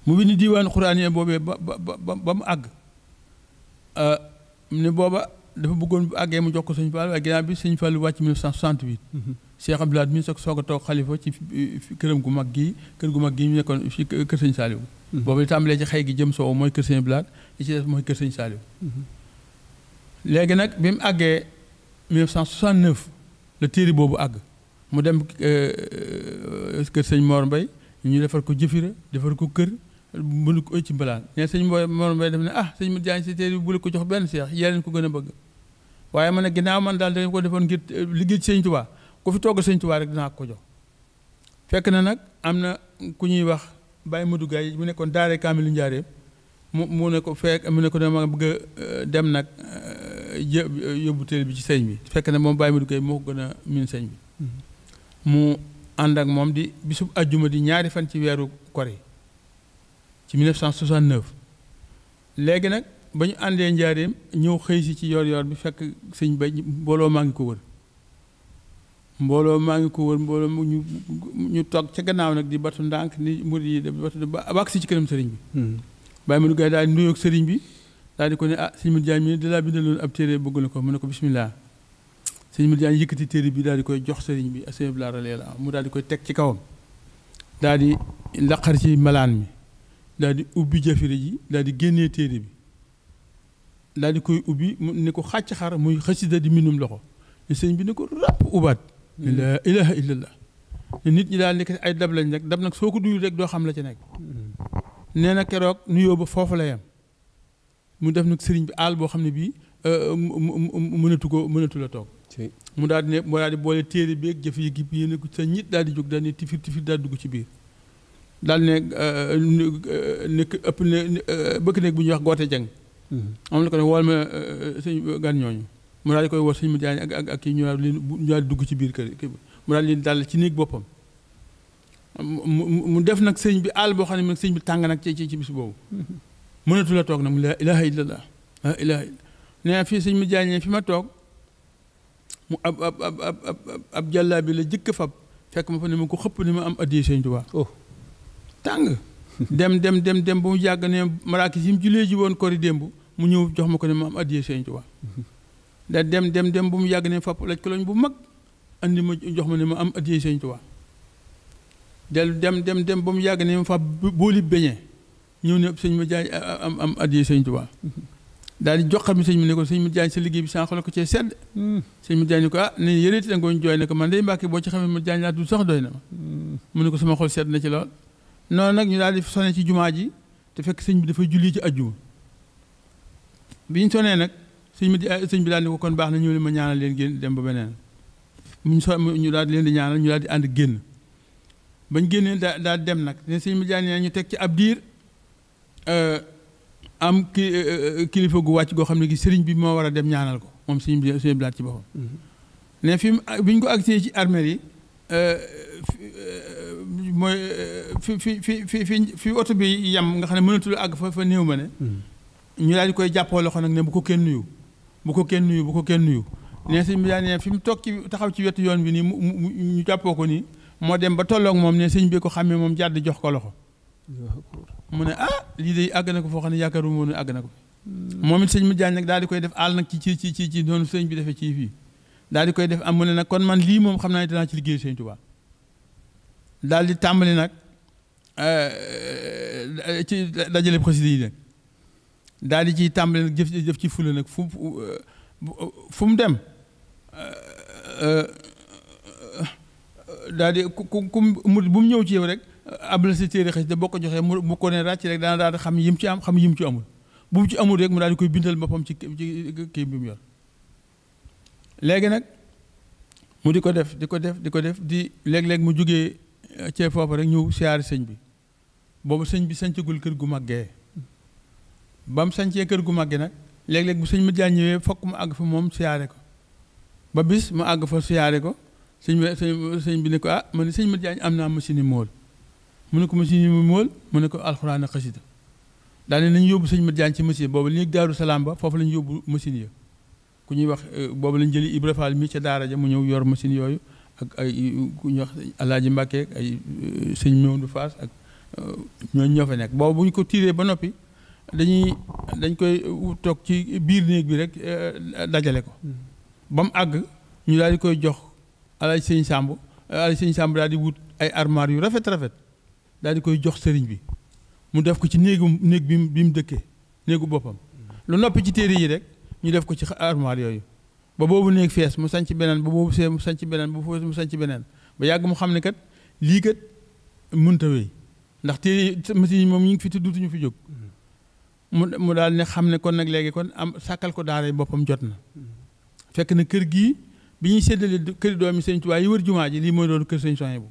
Speaker 4: mu bind diiwaan xuraan yi boobee ba ba ba mu àgg euh, ne booba dafa bëggoon bu àggee mu jox ko sëñ Fall waaye ginnaaw bi sëñ Fall wàcc 1968. Mhm. Cheikh Abdoul Ahad mi soog soog a toog xalifa ci këram gu mag gii kër gu mag gi ñu nekkoon fii kër sëñ Saliou. Mhm. boobu li tàmbalee ci xëy gi jëm soow mooy kër sëñ Abdoul li ci des mooy kër sëñ Saliou. Mhm. léegi nag bi mu àggee 1969 la téere boobu àgg mu dem euh, kër sëñ Mor mbay ñu defar ko jëfira defar ko kër. mënu ko ëcc mbalaan ne sëñ Mboy Mor Mbaye def ne ah sëñ Modou Diagne si téere bi bu ko jox benn seex yéen ko gën a bëgg waaye man nag ginnaaw man daal dañ ko defoon ngir eh, liggéey ci sëñ Tuubaa ku fi toogal sëñ Tuubaa ko jox na nag am na ku ñuy wax Baye Modou Gaye mu nekkoon Daare Kaamilu Njaareem mu mu ne ko fekk mu ne ko dama bëgg eh, dem nag eh, yóbbu téere bi ci sëñ bi fekk na moom Baye Modou Gaye moo ko gën a miin sëñ bi mhm. mu ànd ak moom di bisub ajjuma di ñaari fan ci weeru kori ci 1969 léegi nag ba ñu àndee njaareem ñëw xëy si ci yor-yor bi fekk sëñ ba mbooloo maa ngi ko wër mbooloo maa ngi ko wër mbooloo mu ñu ñu toog ca gannaaw nag di batu ndànk ni murid yi def batu ba àgg si ci kanam sëriñ bi. Baye Modou Gaye daal di nuyoog sëriñ bi daal di ko ne ah sëñ Modou Diagne mii da laa bindaloon ab téere bëgg na ko mu ne ko bismillah sëñ Modou Diagne yëkkati téer bi daal di koy jox sëriñ bi ak sëñ Abdoulaye mu daal di koy teg ci kawam daal di laqar ci malaan mi. daal di ubbi jafire ji daal di génnee téere bi daal di koy ubbi mu ni ko xàcc xar muy xëcc xasida di mbindum loxo ne sëñ bi ne ko ràpp ubaat mm. la ilaha illallah ne nit ñi daal nekk ay dab lañ rek dab nag soo ko duyul rek doo xam la ci nekk mm. nee na keroog nuyoo ba foofu la yam mu def nag sëriñ bi àll boo xam ne bii euh, mënatu ko mënatu la toog mu daal di ne mu daal di boole téere beeg jëf yi gi yéen ko sa ñit daal di jóg daal di tifir tifir daal dugg ci biir daal ne ne ëpp ne bëkk néeg bu ñuy wax goote jang am la ko ne wool ma sëñ gan ñooñu mu daal di koy woo sëñ mu jaañ ak ak ak kii ñu daal leen ñu daal dugg ci biir kër mu daal leen dal ci néeg boppam mu def nag sëñ bi àll boo xam ne nag sëñ bi tàng nag ci ci bis boobu mënatu la toog nag la ilaha illallah la ilaha illallah nee fii sëñ mu jaañee fi ma toog mu ab ab ab ab ab jàllaa bi la jëkk fab fekk ma fa ne ma ko xëpp ne ma am addiye sëñ Tuubaa tàng dem dem dem dem ba mu yàgg ne maraakis yi mu julee ji woon kori démb mu ñëw jox ma ko ne ma am addiyee Sëñ Tuubaa dem dem dem ba mu yàgg ne fàpp laj koloñ bu mag andi ma jox ma ne ma am addiyee Sëñ Tuubaa dellu dem dem dem ba mu yàgg ne ma fàpp booli beñee ñëw ne sëñ ma jaay am am addiyee Sëñ Tuubaa daal di jox xam sëñ bi ne ko sëñ mu jaay sa liggéey bi sànq la ko cee sedd sëñ mu jaañ ne ko ah ne yëreeti da ngooñ jooy ne ko man day mbàkke boo ci xam mu jaañ laa du sax doy na ma mu ne ko sama xol sedd na ci lool noonu nag ñu daal di sone ci jumaa ji te fekk sëñ bi dafa julli ci ajjuma bi ñu sonee nag sëñ bi eh, sëñ bi daal di ko kon baax na ñëw li ma ñaanal leen génn dem ba beneen mu so ñu daal di leen ñu daal di ànd génn bañ génnee daa daal dem nag ne sëñ bi daal nee ñu teg ci ab diir eh, am ki eh, kilifa gu wàcc goo xam ne gi sëriñ bi moo war a dem ñaanal ko moom sëñ bi sëñ daal ci boppam mm-hmm. ne fi bi ñu ko agsee ci armée yi mooy euh, fi fi fi fi fi fi oto bi yem nga xam ne mënatul àgg fa fa néew ma ne. Hmm. ñu di koy jàppoo loxo nag ne bu ko kenn nuyu. bu ko kenn nuyu bu ko kenn nuyu. Ah. nee sëñ bi daal ne fi mu toog ci taxaw ci wetu yoon bi nii mu mu ñu jàppoo ko nii. moo dem ba tolloog moom ne sëñ bi ko xàmmee moom jàdd jox ko loxo. mu ne ah lii de àgg na ko foo xam ne yaakaaruma woon àgg na ko. Hmm. moom it sëñ bi Diagne nag daal di koy def àll nag ci ci ci ci ci noonu sëñ bi defee ci fii. daal di koy def am mu ne nag kon man lii moom xam naa ne danaa ci liggéey sëñ Tuubaa daal di tàmbali nag euh, euh, ci dajale président nag daal di ciy tàmbali nag jëf jëf ci fula nag fu fu euh, mu dem daal di ku ku bu mu ñëw ci yow rek ab si téere xëy da boo ko joxee mu bu ko nee ràcc rek daana daal xam yim ci am xam yim ci amul bu mu ci amul rek mu daal di koy bindal boppam ci kii bi mu yor léegi nag mu di ko def di ko def di ko def di léeg-léeg mu jóge cee foofu rek ñëw siyaari sëñ bi boobu sëñ bi sancagul kër gu màggee ba mu kër gu màggee nag léeg-léeg bu sëñ ma jaa ñëwee fokk mu àgg fa moom siyaare ko ba bis mu àgg fa siyaare ko sëñ bi sëñ bi ne ko ah man sëñ ma jaa am naa machine yi mool mu ne ko machine yi mool mu ne ko alxuraan ak xasida daane nañu yóbbu sëñ Mat Jaañ ci machine boobu li ñuy daaru salaam ba foofu la ñu yóbbu machine ya ku ñuy wax eh, boobu lañ jëli Ibra Fall mi ca daara ja mu ñë yor machine yooyu ak ay ku ñuy wax alaaji Mbàkke euh, sëñ Maodo Faas ak euh, ñooñu ñoo nekk boobu bu ñu ko tiiree ba noppi dañuy dañ koy euh, toog ci biir néeg bi rek dajale ko hmm. ba mu àgg ñu daal di koy jox alaaji sëñ Sàmb alaaji sëñ Sàmb daal di wut ay armoire yu rafet rafet daal di koy jox sëriñ bi mu def ko ci néegum néeg bi mu dëkkee néegu boppam hmm. lu noppi ci téere yi rek ñu def ko ci armoire yooyu ba boobu néeg fees mu sanc beneen ba boobu see mu sanc beneen ba foofu mu sanc beneen ba yàgg mu xam ne kat lii kat mënta wéy ndax téere machine yi moom ñu ngi fi tudd dutuñu fi jóg mu mu daal ne xam ne kon nag léegi kon am sàkkal ko daara yi boppam jot na fekk na kër gii bi ñuy séddale kër doomi sëñ Tuubaa yi wër jumaa ji lii mooy doon kër sëñ soñ bu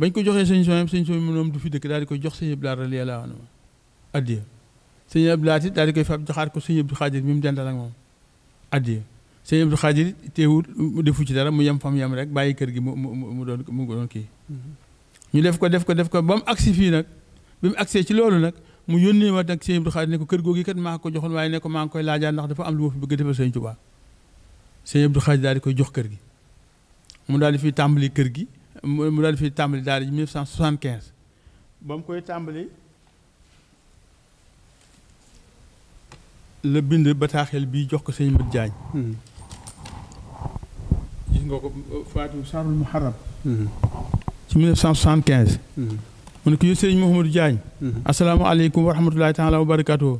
Speaker 4: bañ ko joxee sëñ soñ sëñ soñ moom du fi dëkk daal di koy jox sëñ Abdou Lahad radiyallaahu anhu addiya sëñ Abdou Lahad it daal di koy fab joxaat ko sëñ Abdou Xaadir mi mu dendal ak moom addiya sëñ Abdou Khadir teewul defu ci dara mu yem fam yem rek bàyyi kër gi mu mu mu doon mu doon kii. ñu def ko def ko def ko ba mu agsi fii nag bi mu agsee ci loolu nag mu yónnee ma nag sëñ Abdou Khadir ne ko kër googu kat maa ko joxoon waaye ne ko maa ngi koy laajaan ndax dafa am lu ma fi bëgg a defal sëñ Tuubaa sëñ Abdou Khadir daal di koy jox kër gi mu daal di fiy tàmbali kër gi mu daal di fiy tàmbali daal di 1975 ba mu koy tàmbali. le bind bataaxel bi jox ko seigne Mat hmm gis nga ko Fatou Sarul Muharram hmm ci 1975 hmm ne ko seigne yow sëñ hmm assalamu alaykum wa rahmatullahi taala wa barakatuh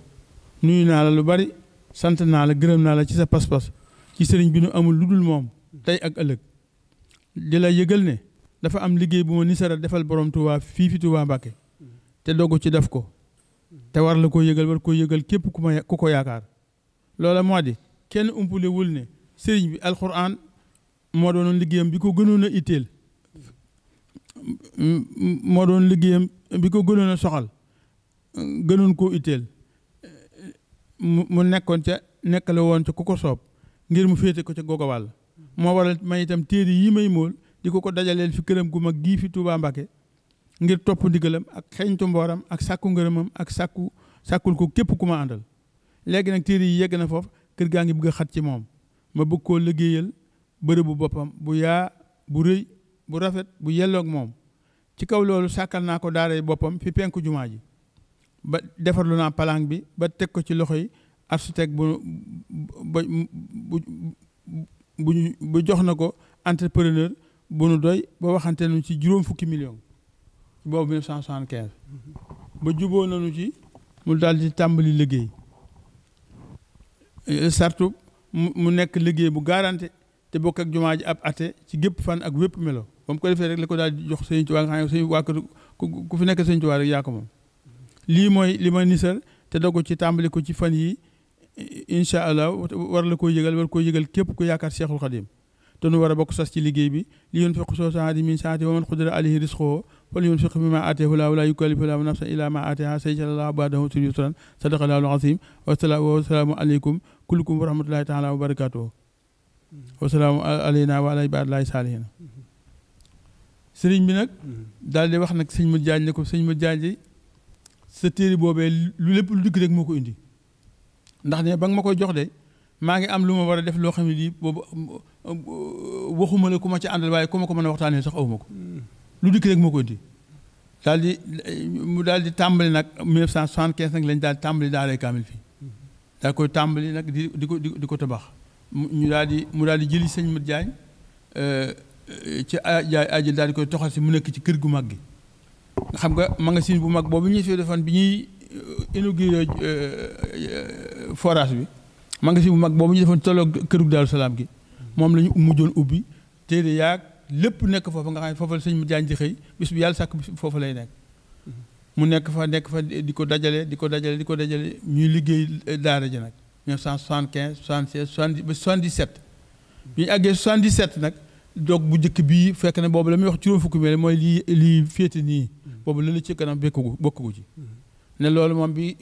Speaker 4: nuyu na la lu bari sant na la gërëm na la ci sa pass pass ci seigne bi nu amul luddul mom tay ak ëllëg di la yëgal ne dafa am liggéey bu ma nisara defal borom Touba fii fi Touba Mbàkke te dogu ci def ko te war la ko yégal war ko yëgal képp ku ma ku ko yaakaar loola moo di kenn umpule wul ne sëriñ bi alxuraan moo doonoon liggéeyam bi ko gënoon a moo doon liggéeyam bi ko gënoon a soxal gënoon koo itteel mu nekkoon ca nekkale woon ca ku ko soob ngir mu féete ko ca googa wàll moo waral may itam téere yi may mool di ko ko dajaleel fi këram gu mag gii fi Tuubaa Mbàkke ngir topp ndigalam ak xeeñtu mbooram ak sàkku ngërëmam ak sàkku sàkkul ko képp ku ma àndal léegi nag téere yi yegg na foofu kër gaa ngi bëgg a xat ci moom ma bëgg koo liggéeyal bërëbu boppam bu yaa bu rëy bu rafet bu yelloog moom ci kaw loolu sàkkal naa ko daaray boppam fi penku jumaa ji ba defarlu naa palang bi ba teg ko ci loxo yi architecte bu bu bu jox na ko entrepreneur bu nu doy ba waxante nu ci juróom fukki million boobu 1975 ba juboo noonu ci mu daal di tàmbali liggéey euh, sartu mu nekk liggéey bu gaarante te bokk ak jumaa ji ab ci gépp fan ak wépp melo ba mu ko defee rek la ko daal di jox sëñ Tuubaa nga xam ne sëñ waa ku fi nekk sëñ waa rek yaa ko lii mooy li ma nisal te dogu ci tàmbali ko ci fan yi incha allah war la koy yëgal war koy yëgal képp ku yaakaar Seexul Xadiim te nu war bokk sas ci liggéey bi li yunfiqu zuu sa'atin min فلينفق بما آتيه ولا ولا يكلف الله نفسا إلا ما آتيها سيجعل الله بعده يسرا صدق الله العظيم والسلام, والسلام عليكم كلكم ورحمة الله تعالى وبركاته والسلام علينا وعلى عباد الله الصالحين سيرين بي نك دال دي واخ نك سيرين مجاج نكو سيرين مجاج سي تيري بوبي لو ليپ لو ديك رك مكو اندي ndax ne bang makoy jox de magi am luma wara def lo xamni bobu waxuma le kuma ci andal waye kuma ko meuna waxtane sax awumako mm -hmm. lu dikk rek moo ko indi daal di mu daal di tàmbali nag 1975 nag lañ daal di tàmbali daaray kaamil fii daa koy tàmbali nag di di ko di ko tabax ñu daal di mu daal di jëli sëñ Mat Diagne euh, ci jaay ajël daal di koy toxal si mu nekk ci kër gu mag gi nga xam nga magasin bu mag boobu ñuy fi bi ñuy euh, inauguré euh, forage bi magasin bu mag boobu ñu defoon tolloog këru Daaru Salaam gi moom la ñu mujjoon lépp nekk foofu nga xam ne foofu la sëñ mu jaan di bis bu yàlla sàkk bis foofu lay nekk mu nekk fa nekk fa di ko dajale di ko dajale di ko dajale ñuy liggéey eh, daara ji nag 1975 76 77 bi ñu àggee 77 nag donc bu njëkk bii fekk na boobu la muy wax juróom fukki mel mooy lii lii féete nii boobu la la ci kanam bekkugu bokkugu ci ne loolu moom bi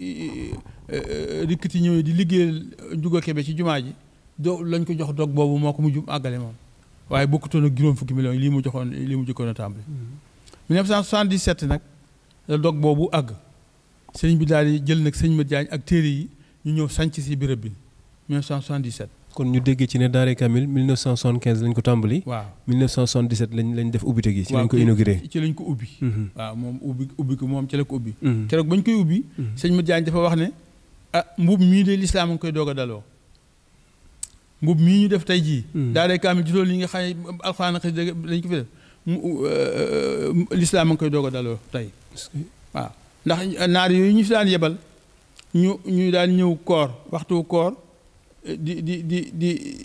Speaker 4: dikk ci ñëwee di liggéeyal Ndiouga Kébé ci jumaa ji do lañ ko jox dog boobu moo ko jum àggale moom waaye bokkutoon ak juróom fukki millions lii mu joxoon lii mu jëkkoon a tàmbali. 1977 mm-hmm. nag la dog boobu àgg sëñ bi daal di jël nag sëñ Mat Jaañ ak téere yi ñu ñëw sanc si béréb bi 1977.
Speaker 3: kon ñu déggee ci ne Daaray Kamil 1975 lañ ko tàmbali. waaw 1977 lañ lañ def ubbite gi. ci lañ ko inauguré
Speaker 4: ci lañ ko ubbi. Mm-hmm. waaw moom ubbi ubbi ko moom ci la ko ubbi. Mm-hmm. keroog bañ koy ubbi. sëñ Mat Jaañ dafa wax ne ah mbuub mii de lislaam a ngi koy doog a daloo. mbub mii ñu def tey jii. Hmm. daal kaamil ci loolu yi nga xam ne alxuraan ak xasida dañ ko fi def euh, euh, lislaam a ngi koy doog daloo tey. waaw ndax naar yooyu ñu fi daan yebal ñu ñu daan ñëw koor waxtu koor eh, di di di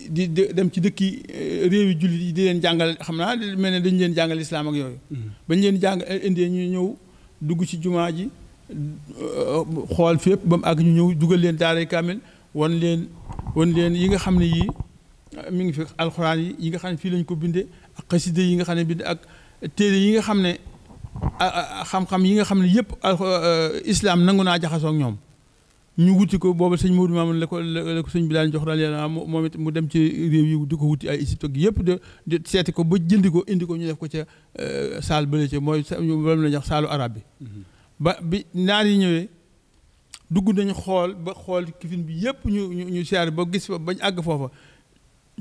Speaker 4: di di dem ci dëkki eh, réew yi jullit yi di leen jàngal xam naa mel ne dañu leen jàngal lislaam ak yooyu. Hmm. bañ leen jàng eh, indee ñu ñëw dugg ci jumaa ji xool fépp ba mu àgg ñu ñëw dugal leen daaray kaamil. wan leen wan leen yi nga xam ne yii ah, mi ngi fi alxuraan yi yi nga xam ne fii lañ ko bindee ak xasida yi nga xam ne bind ak téere yi nga xam ne ah, ah, xam-xam yi nga xam ne yëpp islam nangu naa jaxasoo ak ñoom ñu wuti ko booba sëñ Maodo Mamoun la ko la ko sëñ bi daan jox daal yàlla moom it mu dem ci yi di ko wuti ay Égypte ak yëpp de de seeti ko ba jëndi ko indi ko ñu def ko ca eh, saal bële ca mooy ñu la jox saalu arab bi. Mm-hmm. ba bi dugg nañu xool ba xool kifin bi yépp ñu ñu ñu siyaar ba gis ba bañ àgg foofa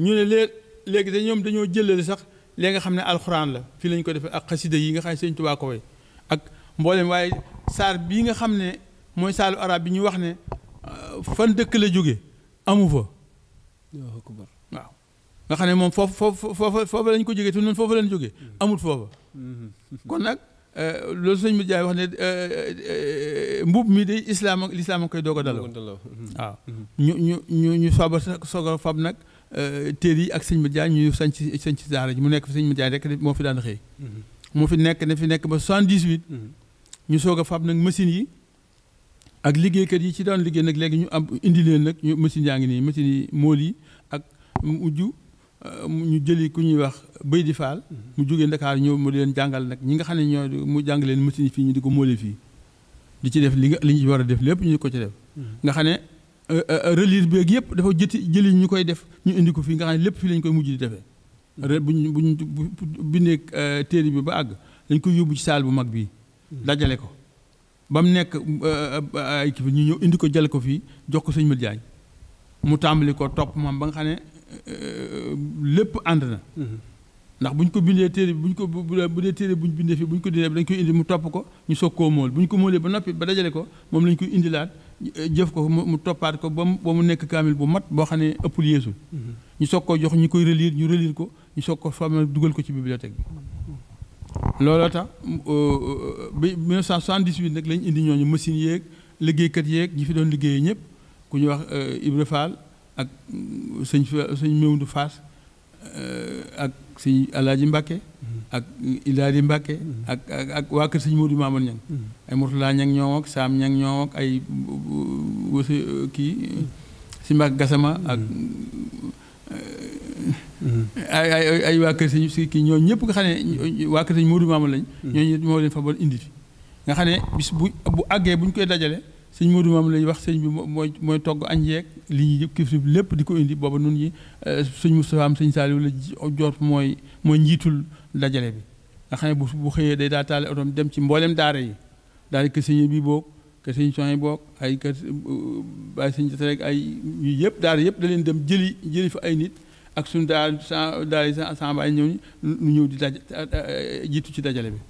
Speaker 4: ñu ne léeg léegi da ñoom dañoo jëlale sax lée nga xam ne alxuraan la fii lañ ko defee ak xasida yi nga xam ne sëñ Tuubaa ko way ak mboolem waaye saar bii nga xam ne mooy saalu arab bi ñu wax ne fan dëkk la jóge amu fa
Speaker 3: waaw
Speaker 4: nga xam ne moom foofu foofu foofa foofa lañ ko jógee te noonu foofa lañ jógee amul foofa kon nag Euh, loolu sëñ bi jaay wax ne euh, euh, mbubb mi de islaam ak lislaam a koy doog a daloo mhm. waaw mhm. ñu ñu ñu ñu soog a soog a fab nag téer yi ak sëñ bi jaay ñu sañ ci sañ ci daara ji mu nekk fi sëñ bi jaay rek moo fi daan xëy mhm. moo fi nekk ne fi nekk ba soixante-dix-huit ñu soog a fab nag machine yi ak liggéeykat yi ci daan liggéey nag léegi ñu am indi leen nag ñu machine yaa ngi nii machine yi mool yi ak mujj ñu jëli ku ñuy wax bëy di faal mm-hmm. mu jógee Ndakaar ñëw mu di leen jàngal nag ñi nga xam ne ñoo mu jàng leen machine fii ñu di ko móole fii di ci def li nga li ñu war a def lépp ñu di ko mm-hmm. nga xam ne euh, euh, euh, relire beeg yëpp dafa jëti jëli ñu koy def ñu indi ko fii nga xam ne lépp fii lañ koy mujj di defee mm-hmm. buñ bu bindee téere bi ba àgg dañ koy yóbbu ci saal bu mag bii dajale ko ba mu nekk ay kii ñu ñëw indi ko jale ko fii jox ko sëñ Mate Diagne mu tàmbali ko topp moom ba nga xam ne Euh, lépp ànd na mhm. ndax bu ñu ko bindee téere bu ñu ko bu dee téere bu ñu bindee fii bu ñu ko dindee dañ koy indi mu topp ko ñu soog koo móol bu ko moolee ba noppi ba dajale ko moom lañ koy indilaat jëf ko mu toppaat ko ba mu ba mu nekk kaamil bu mat boo xam ne ëppul yeesul mhm. ñu soog ko jox ñu koy reliir ñu relire ko ñu soog ko formé dugal ko ci bibliothèque bi looloo tax euh, euh, bi 1978 nag lañ indi ñooñu machine yeeg liggéeykat yeeg ñi fi doon liggéeyee ñëpp ku ñu wax ak sëñ sëñ Mewdu Faas euh, ak sëñ Alaaji Mbàkke mm-hmm. ak Ilaadi Mbàkke mm-hmm. ak ak ak waa kër sëñ Moodu Maamoon ñang mm-hmm. ay Murtala ñang ñoo ak Saam ñang ñoo ak ay wësa kii sëñ Mbàkke Gasama ak ay ay ay waa kër sëñ si kii ñoo ñëpp nga xam ne waa kër sëñ Moodu Maamoon lañ ñooñu moo leen fa bon indi fi nga xam ne bis bu bu àggee bu ñu koy dajale sëñ Modou moom lañuy wax sëñ bi mooy mooy togg añ yeeg li ñuy yëpp kif lépp di ko indi booba nun ñi euh, sëñ Moustapha am sëñ Saliou la jot mooy mooy njiitul dajale bi nga xam ne bu xëyee day daal taale otom dem ci mbooleem daara yi daal ke sëñ bi boog ke sëñ soxna boog ay ke euh, ay sëñ rek ay yëpp daara yëpp da leen dem jëli jëli fa ay nit ak suñ daal daal yi sa samba ay ñëw ñu ñëw di daj jiitu ci dajale bi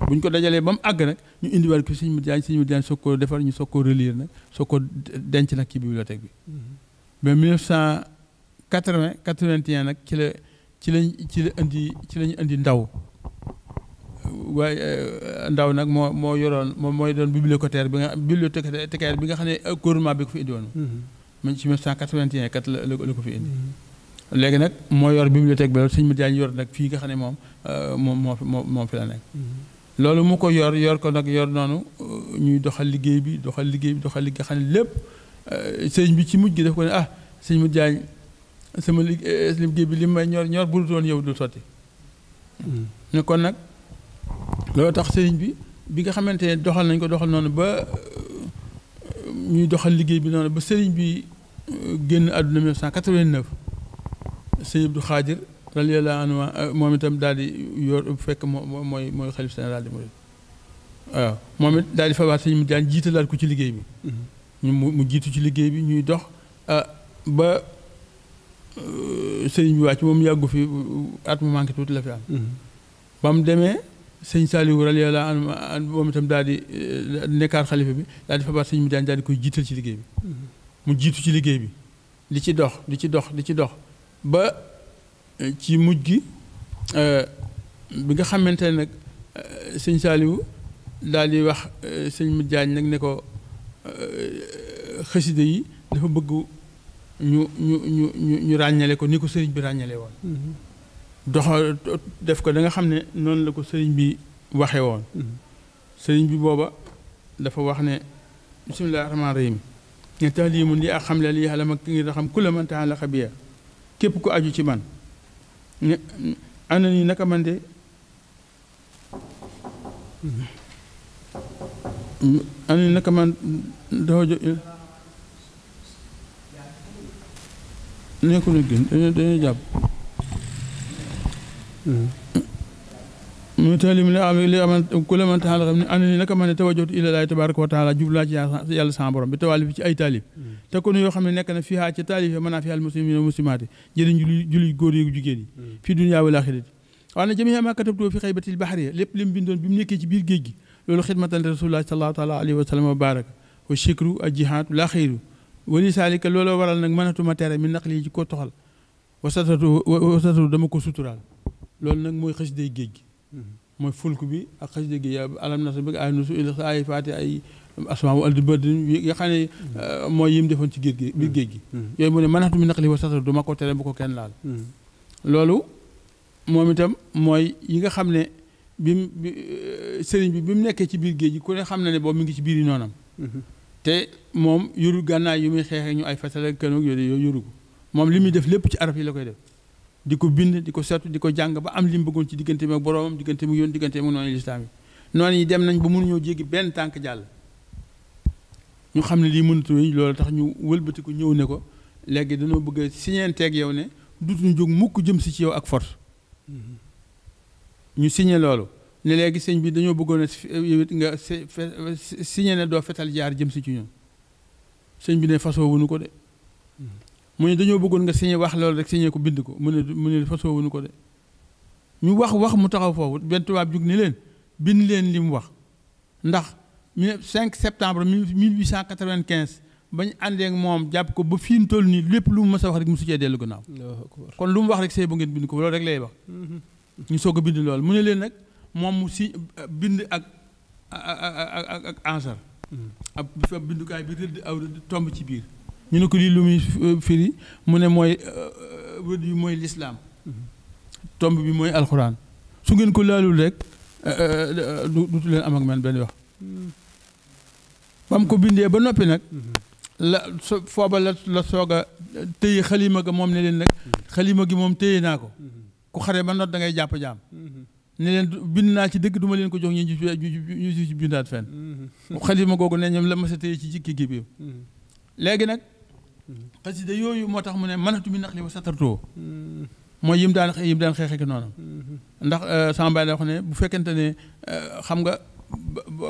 Speaker 4: bu ñu ko dajalee ba mu àgg nag ñu indiwaat ko sëñ Modou Diagne sëñ Modou Diagne soog koo defar ñu soog koo relire nag soog koo denc nag ci bibliothèque bi. Mm-hmm. mais 1980 81 nag ci la ci lañ ci la indi ci lañ indi ndaw waaye euh, ndaw nag moo moo yoroon moom mooy doon bibliothécaire bi nga bibliothécaire bi nga xam ne gouvernement bi ko fi indi woon. Mm-hmm. man ci 1981 kat la ko fi indi. Mm-hmm. léegi nag moo yor bibliothèque bi loolu sëñ Modou Diagne yor nag fii nga xam ne moom euh, moom moo fi moo fi la nekk. lolu mu ko yor yor ko nak yor nonu ñuy doxal liggéey bi doxal liggéey bi doxal liggéey xane lépp sëñ bi ci mujj gi daf ko ah sëñ mu jaañ sama liggéey bi lim may ñor ñor bu doon yow du soti ne kon nak lo tax sëñ bi bi nga xamantene doxal nañ ko doxal nonu ba ñuy doxal liggéey bi nonu ba señ bi génn aduna 1989 sëñ Abdou Khadir radiallahu anhu euh, moom itam daal di yor fekk moo mooy mooy xalif général di moom it daal di fabaat sëñ mu daan jiitalaat ko ci liggéey bi mm-hmm. mu jiitu ci liggéey bi ñuy dox euh, ba euh, sëriñ bi wàcc moom yàggu fi at mu manqué tuuti la fi mm-hmm. demee sëñ Saliou radiallahu anhu moom itam daal di nekkaat xalifa bi daal di fabaat sëñ mu daan daal di koy jiital ci liggéey bi mm-hmm. mu jiitu ci liggéey bi di ci dox di ci dox di ci dox ba ci mujj gi bi nga xamante ne nag sëñ Saliou daal di wax sëñ Modou Diagne nag ne ko xasida yi dafa bëgg ñu ñu ñu ñu ñu ràññale ko ni ko sëriñ bi ràññale woon dox def ko da nga xam ne noonu la ko sëriñ bi waxe woon sëriñ bi booba dafa wax ne bisimilah rahmaan rahim ne tax lii mun li ak xam le lii xala mag ki ngi da xam ku la man taxan la xabiya képp ku aju ci man ne ana ni naka man de ana ni naka man dafa jo nekku na gën dañoo jàpp mu taalim li am li aman ku la man taxal xam ne ana ni naka man ne tawajjot ila laahi tabaraka wa taala jublu naa ci yàlla sama borom bi tawalif ci ay taalif te kon yoo xam ne nekk na fii haa ci taalif yi mën naa fi al muslimina muslimaati jëriñ julli julli góor yi jigéen yi fii dunya wal axirati waaw na jamiha ma katabtu fi xaybatil bahriya lépp lim bindoon bi mu nekkee ci biir géej gi loolu xidmatan rasulillahi sallallahu taala alayhi wa sallam wa baraka wa shikru ak jihaatu la xayru wali saalika looloo waral nag mënatuma tere mi naqli ci ko toxal wasatatu wasatatu dama ko suturaal loolu nag mooy xës day géej gi mooy fulk bi ak xasida gi ya alam nasa bi ay ay faati ay asmaa aldi bërdin nga xam ne mm. mooy yim defoon ci géej gi biir mm. géej gi mm. yooyu mu ne mi naqli wa satar du ma ko ko kenn laal loolu moom itam mooy yi nga xam ne bi mu euh, sëriñ bi bi mu nekkee ci biir géej gi ku ne xam na ne boobu mi ngi ci biir yi noonam mm-hmm. te moom yoru gànnaay yi muy xeexee ñu ay fasal ak kënoog yooyu yoru ko moom li muy def lépp ci arab yi la koy def di ko bind di ko seetu di ko jàng ba am li mu bëggoon ci diggante ak boroomam diggante mu yoon diggante mu noonu lislaam yi noonu yi dem nañ ba ñoo jéggi benn tànk jàll ñu xam ne lii mënatu loolu tax ñu wëlbatiku ñëw ne ko léegi dañoo bëgg a siñeenteeg yow ne dutuñu jóg mukk jëm si ci yow ak force ñu signé loolu ne léegi sëñ bi dañoo bëggoon a nga signé ne doo fetal jaar jëm si ci ñun sëñ bi ne fasoo wunu ko de mu ne dañoo bëggoon nga signé wax loolu rek signé ko bind ko mu ne mu ne fasoo wuñu ko de ñu wax wax mu taxaw foofu benn tubaab jug ni leen bind leen li mu wax ndax 5 septembre 1895 bañ àndee ak moom jàpp ko ba fii mu toll nii lépp lu mu mës a wax rek mu succee dellu gannaaw kon lu mu wax rek see bu ngeen bind ko loolu rek lay wax ñu soog a bind loolu mu ne leen nag moom mu si bind ak ak ak ak ab bindukaay bi rëdd aw rëdd tomb ci biir ñu ne ko lii lu muy firi mu ne mooy euh, wët yi mooy lislaam tomb bi mooy alxuraan su ngeen ko laalul rek euh, euh, du leen am ak man benn wax ba ko bindee ba noppi nag la fooba la la soog a téye xalima ga moom ne leen nag xalima gi moom téye naa ko ku xare ba not da ngay jàpp jaam ne leen bind naa ci dëgg duma leen ko jox ñu ñu ci bindaat fenn mm-hmm. xalima googu ne ñoom la mas a téye ci jikki gi bi mm-hmm. léegi nag xasida yooyu moo tax mu ne manatu bi nax li wa satartoo mm-hmm. mooy yim daan yim daan xeexek noonu mm-hmm. ndax euh, sama baay da wax ne bu fekkente ne euh, xam nga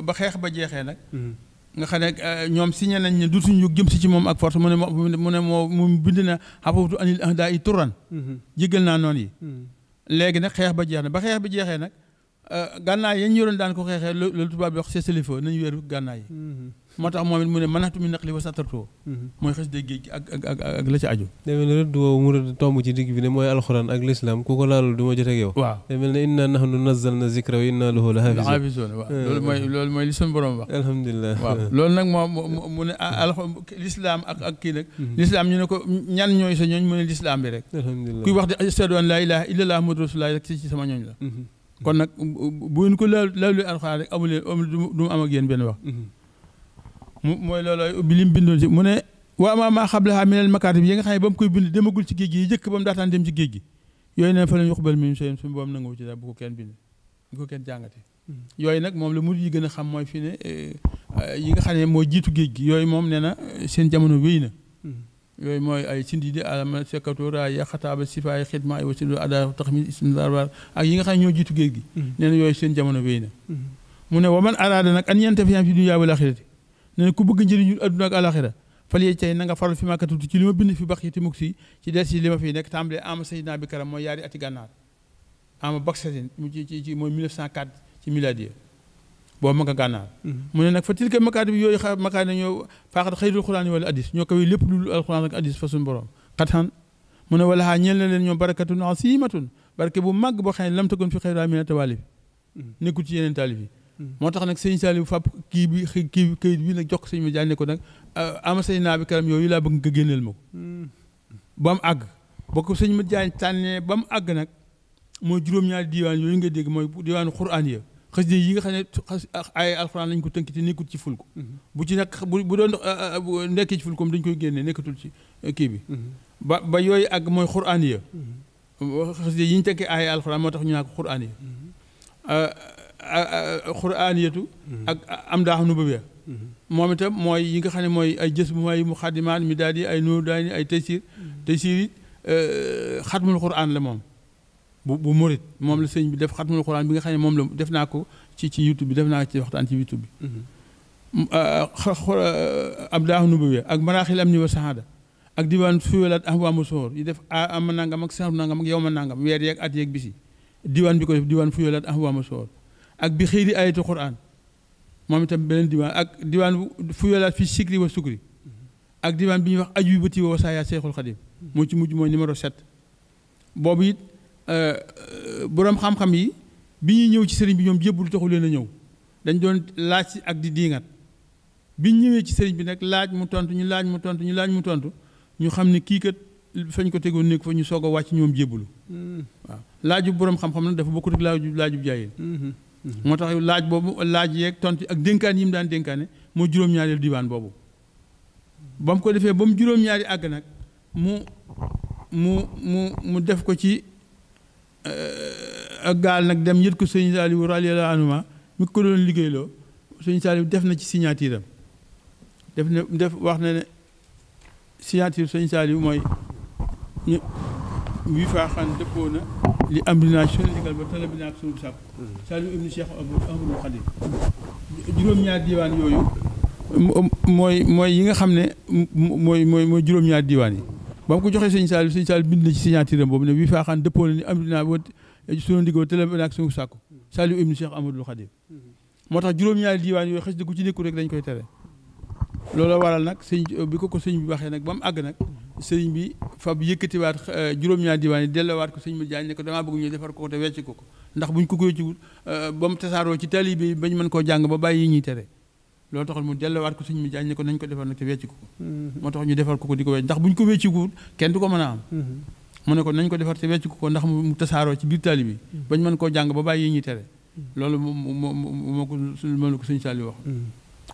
Speaker 4: ba xeex ba jeexee nag mm-hmm. nga xam ne euh, ñoom signé nañ ne dutuñ yu jëm si ci moom ak force mu ne mu ne moo mu bind na xafawtu anil ahdaa i turan jéggal naa noonu yi léegi nag xeex ba jeex na ba xeex ba jeexee nag gànnaay yañ yoroon daan ko xeexee loolu tubaab bi wax c'est le feu nañu wéeru gànnaay yi moo tax moom it mu ne manaxtu mi naqli wa satartoo
Speaker 3: mooy xës de géej ak ak ak ak la ci aju day mel ne rëdd woowu mu rëdd tomb ci digg bi ne mooy alxuraan ak lislaam ku ko laalul du ma jot ak yow waaw day mel ne inna nahnu nazzalna zikra wa inna lahu lahaafizuun waaw
Speaker 4: loolu mooy loolu mooy li sun borom wax alhamdulilah waaw loolu nag moom mu ne lislaam ak ak kii nag lislaam ñu ne ko ñan ñooy sa ñooñ mu ne lislaam bi rek alhamdulilah kuy wax di ashhadu an ilaha illa illallah muhammadu rasulullah rek ci sama ñooñ la kon nag bu ñu ko laal laalu alxuraan rek amu leen du mu am ak yéen benn wax mu mooy loolooy bi lim bindoon si mu ne waa maa maa xablaha minal makaarim yi nga xam ne ba mu koy bind demagul ci géej gi yi njëkk ba mu daataan dem ci géej gi yooyu neen fa la ñu yuqbal minhum shay'un suñu boobam nangu ci daal bu ko kenn bind bu ko kenn yooyu nag moom la murid yi gën a xam mooy fii eh, eh, yi nga xam ne moo jiitu géej gi yooyu moom nee na eh, seen jamono wéy na yooyu mooy ay sindi di alama sekkato raay xataaba sifaay xidma ay wasilu ada taxmi ism darbar ak yi nga xam ne ñoo jiitu géej gi hmm. nee na yooyu seen jamono wéy na hmm. mu ne wa man araada nag an yentafiam fi dunya wal axirati ne ku bëgg njëriñu adduna ak alaxira faliee tey na nga faral fi màkka tuuti ci li ma bind fi bax yi timug si ci des yi li ma fiy ama sayidina bi karam mooy yaari ati gànnaar ama baksatin ci ci mooy 1904 ci miladiya boobu ma nga gànnaar mm-hmm. mu ne na fa tilka makaat bi yooyu makaat ñoo faaxat xëyrul xuraan yi wala addis ñoo kawe lépp lu alxuraan ak addis fa suñu borom xatan wala xaa ñeel na leen ñoom barakatun asimatun barke bu màgg boo xam ne lam takun fi xayra moo tax nag sëñ Saliou fàpp kii bi kii këyit bi nag jox ko sëñ ma jaan ko nag ah, ama sëñ naa bi karam yooyu laa bëgg nga génneel ma ko ba mu àgg boo sëñ ma jaan tànnee ba mu àgg nag mooy juróom-ñaari diiwaan yooyu nga dégg mooy diiwaanu xuraan ya xas yi nga xam ne ay alxuraan lañ ko tënk te nekkul ci fulku mm-hmm. bu ci nag bu doon ah, ah, nekkee ci fulkoom dañ koy génnee nekkatul ci eh, kii bi mm-hmm. ba ba yooyu àgg mooy xuraan ya mm-hmm. xas yi ñu tënkee ay alxuraan moo tax ñu naa ko quraaniyatu ak am daaxam nu babiya moom itam mooy yi nga xam ne mooy ay jës mooy muxadimaan mi daal di ay nuur daal di ay taysiir taysiir yi xatmul quraan la moom bu bu murit moom la sëñ bi def xatmul quraan bi nga xam ne moom la def naa ko ci ci youtube bi def naa ko ci waxtaan ci youtube bi am daaxam nu babiya ak maraaxil am ni wa saxaada ak diwaan suyalaat am waamu soor yi def am nangam ak saxam nangam ak yow ma nangam weer yeeg at yeeg bisi diwaan bi ko def diwaan suyalaat am waamu soor ak bi xëy ayatu quran moom itam benen diwan ak diwan fu yolaat fi sikri wa sukri ak diwan bi wax aju bëti wa wasaaya seexul khadim mo ci mujj mooy numero 7 bobu it euh, euh, borom xam-xam yi bi ñuy ñëw ci serigne bi ñom jébbul taxu leen a dañ doon laaj ak di diingat bi ñewé ci serigne bi nak laaj mu tontu ñu laaj mu tontu ñu laaj mu tontu ñu xamni ki kii kat fañ ko tegoon nekk fa ñu soog a wàcc ñoom jébbulu mm. waaw laaju borom xam-xam nag dafa bokkut laaju laaju laajub moo tax laaj boobu laaj yeeg tontu ak dénkaan yi mu daan dénkaane moo juróom-ñaareel diwaan boobu ba mu ko defee ba mu juróom-ñaari àgg nag mu mu mu def ko ci euh, gaal nag dem yët ko sëñ Saliou radiyallahu anhu mi ko doon liggéeyloo sëñ Saliou def na ci signature am def na def wax na ne signature sëñ Saliou mooy muy faaxaan dëppoo na li am dinaa suñu ndigal ba tala bi naak suñu sàpp Saliou ibnu Cheikh Amadou Khadim juróom-ñaar diiwaan yooyu mooy mooy yi nga xam ne mooy mooy mooy juróom-ñaar diiwaan yi ba mu ko joxee sëñ Saliou sëñ Saliou bind na ci signature am boobu ne bii faaxaan dëppoo na li am dinaa ba Amadou Khadim mm-hmm. moo tax juróom-ñaari diiwaan yooyu xës di ku ci nekkul rek dañ koy tere looloo waral nag sëñ bi ko ko sëñ bi waxee nag ba mu àgg nag sëñ bi fab yëkkatiwaat eh, juróom-ñaari diwaan yi dellowaat ko sëñ bi Jaañ ne ko damaa bëgg ñu defar ko te ko ndax buñ ko ko wecciwul eh, ba mu tasaaroo ci taalibe yi bañ mën koo jàng ba bàyyi ñuy tere loolu taxoon mu dellowaat ko sëñ bi Jaañ nañ ko defar nag te wecc ko ko mm-hmm. moo tax ñu defar ko ko di ko wecc ndax buñ ko wecciwul kenn du ko mën a am mm-hmm. mu ne ko nañ ko defar te wecc ko ko ndax mu tasaaroo ci biir taalibe yi mm-hmm. bañ mën koo jàng ba bàyyi yi tere loolu moo ko moo ko sëñ Saliou wax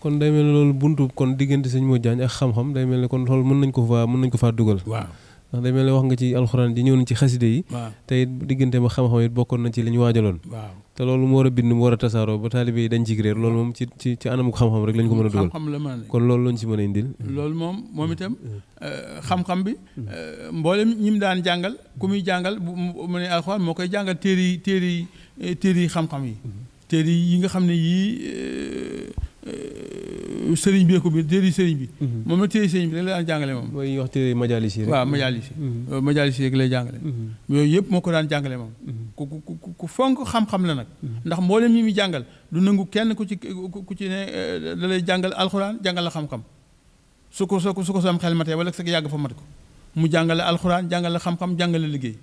Speaker 3: kon day mel ni loolu bunt kon diggante sëñ Modou Diagne ak xam-xam day mel ni kon loolu mën nañ ko faa mën nañ ko faa dugal. waaw ndax mel ne wax nga ci alxuraan di ñëw na ci xaside yi. waaw te it diggante ma xam-xam it bokkoon na ci li ñu waajaloon. waaw te loolu mu war a bind war a tasaaroo ba taalibe yi dañ ci réer loolu moom ci ci ci anam xam-xam rek lañ ko mën a dugal. xam-xam la mën a indil.
Speaker 4: loolu moom moom itam mm. euh, xam-xam bi mm. euh, mboolem ñi mu daan jàngal ku muy jàngal bu mu ne alxuraan moo koy jàngal téeri yi téere yi téere yi xam-xam yi mm. téere yi nga xam ne yii euh, Euh, sëriñ bi ko bi téere sëriñ bi. Mhm. moom la téere sëriñ bi rek la daan jàngale moom. mooy wax téere majalis yi rek. waaw majalis mhm. euh, lay jàngale. Mhm. yooyu yëpp moo ko daan jàngale moom. ku ku ku fonk xam-xam la nag. ndax mboolem ñi muy jàngal du nangu kenn ku ci ku ci ne euh, da jàngal alxuraan jàngal la xam-xam su ko xel matee wala sa yàgg fa mat ko mu jàngale alxuraan jàngale xam jàngale liggéey.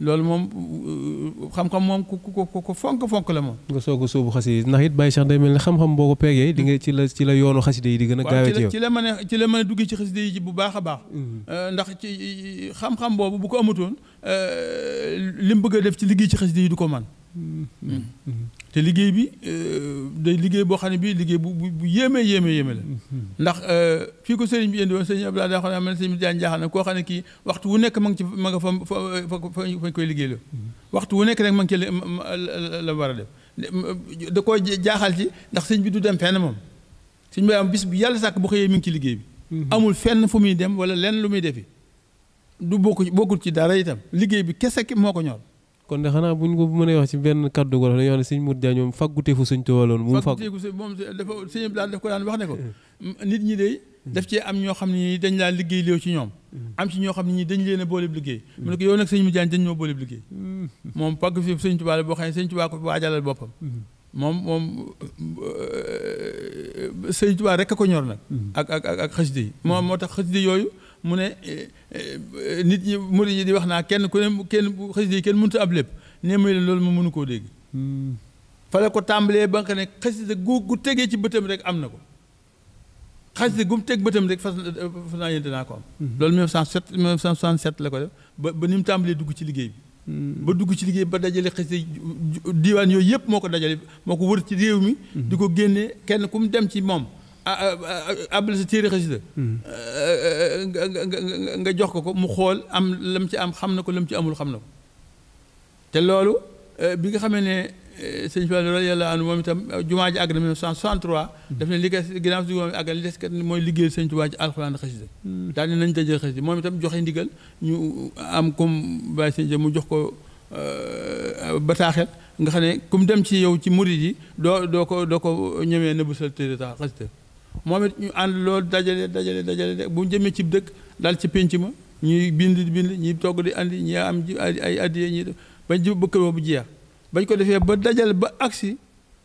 Speaker 4: loolu moom euh, xam-xam moom ku ku ku fonk fonk la moom.
Speaker 3: nga soog a sóobu xasida ndax it Baye Cheikh day mel ne xam-xam boo ko peegee di nga ci la ci la yoonu xasida yi di gën a gaaw ci
Speaker 4: la mën a ci la mën a dugg ci xasida yi bu baax a baax. Mhm. Euh, ndax ci xam-xam boobu bu ko amatoon euh, lim bëgg a def ci liggéey ci xasida yi du ko man mhm. Mm. Mhm. te liggéey bi euh, day liggéey boo xam ne bii liggéey bu bu bu yéeme yéeme yéeme la mm-hmm. ndax euh, fii ko sëriñ bi indi woon sëriñ Abdoulaye daa ne koo xam ne kii waxtu wu nekk ma ngi ci ma nga fa fa fañ koy liggéey la mm-hmm. waxtu wu nekk rek ma ngi ci la war a def da koo jaaxal ci ndax sëñ bi du dem fenn moom sëñ bi am bis bu yàlla sàkk bu xëyee mi ngi ci liggéey bi mm-hmm. amul fenn fu muy dem wala lenn lu muy defi du bokku bokkul ci dara itam liggéey bi
Speaker 3: kese moo ko ñor kon de xanaa buñ ko mënee wax ci benn kaddu ko dañoo ne sëñ Modou Dia ñoom fagguteefu sëñ moom dafa
Speaker 4: daf ko daan wax ne ko nit ñi de daf cee am ñoo xam ne dañ laa liggéey ci ñoom am ci ñoo xam ne ñi dañ leen a liggéey mu ne ko yow nag sëñ Modou Dia dañ ñoo booleb liggéey moom fagguteefu sëñ Tuubaa la boo xam ne sëñ Tuubaa ko waajalal boppam moom moom euh, sëñ Tuubaa rek a ko ñor nag ak ak ak xasida moom moo tax xasida yooyu mu ne eh, eh, nit ñi murid yi di wax naa kenn ku ne kenn xasida yi kenn mënut ab lépp ne muy leen loolu mu mënu koo dégg hmm. fale ko tàmbalee ba nga ne xasida gu gu tegee ci bëtam rek am na ko xasida gu mu teg bëtam rek fas fas naa yéene naa ko am hmm. loolu 1907 1967 la ko def ba ba ni mu tàmbalee dugg ci liggéey bi hmm. ba dugg ci liggéey ba dajalee xasida diiwaan yooyu yëpp moo ko dajale moo ko wër ci réew mi di ko génnee kenn ku mu dem ci moom Ah, ah, ah, abal si téere xasida hmm. eh, eh, eh, nga jox ko ko mu xool am lam ci am xam na ko la mu ci amul xam na ko te loolu bi nga xamee ne sëñ Fallu radiyallaahu anhu moom itam jumaa ji àgg na 1963 hmm. daf ne li ko ginnaaw si jumaa ji mooy liggéey sëñ Tuubaa ci alxuraan xasida hmm. daal ne nañ dajale xasida moom itam joxe ndigal ñu am comme bàyyi sëñ mu jox ko bataaxel nga xam ne comme dem ci yow ci murid yi doo doo ko doo ko ñemee nëbb sa téere xasida moom it ñu ànd loolu dajale dajale dajale bu jëmee cib dëkk dal ci pénc ma ñuy bind bind ñuy togg di andi ñi am ay addiye ba bañ ji bëkk bu jeex bañ ko defee ba dajale ba agsi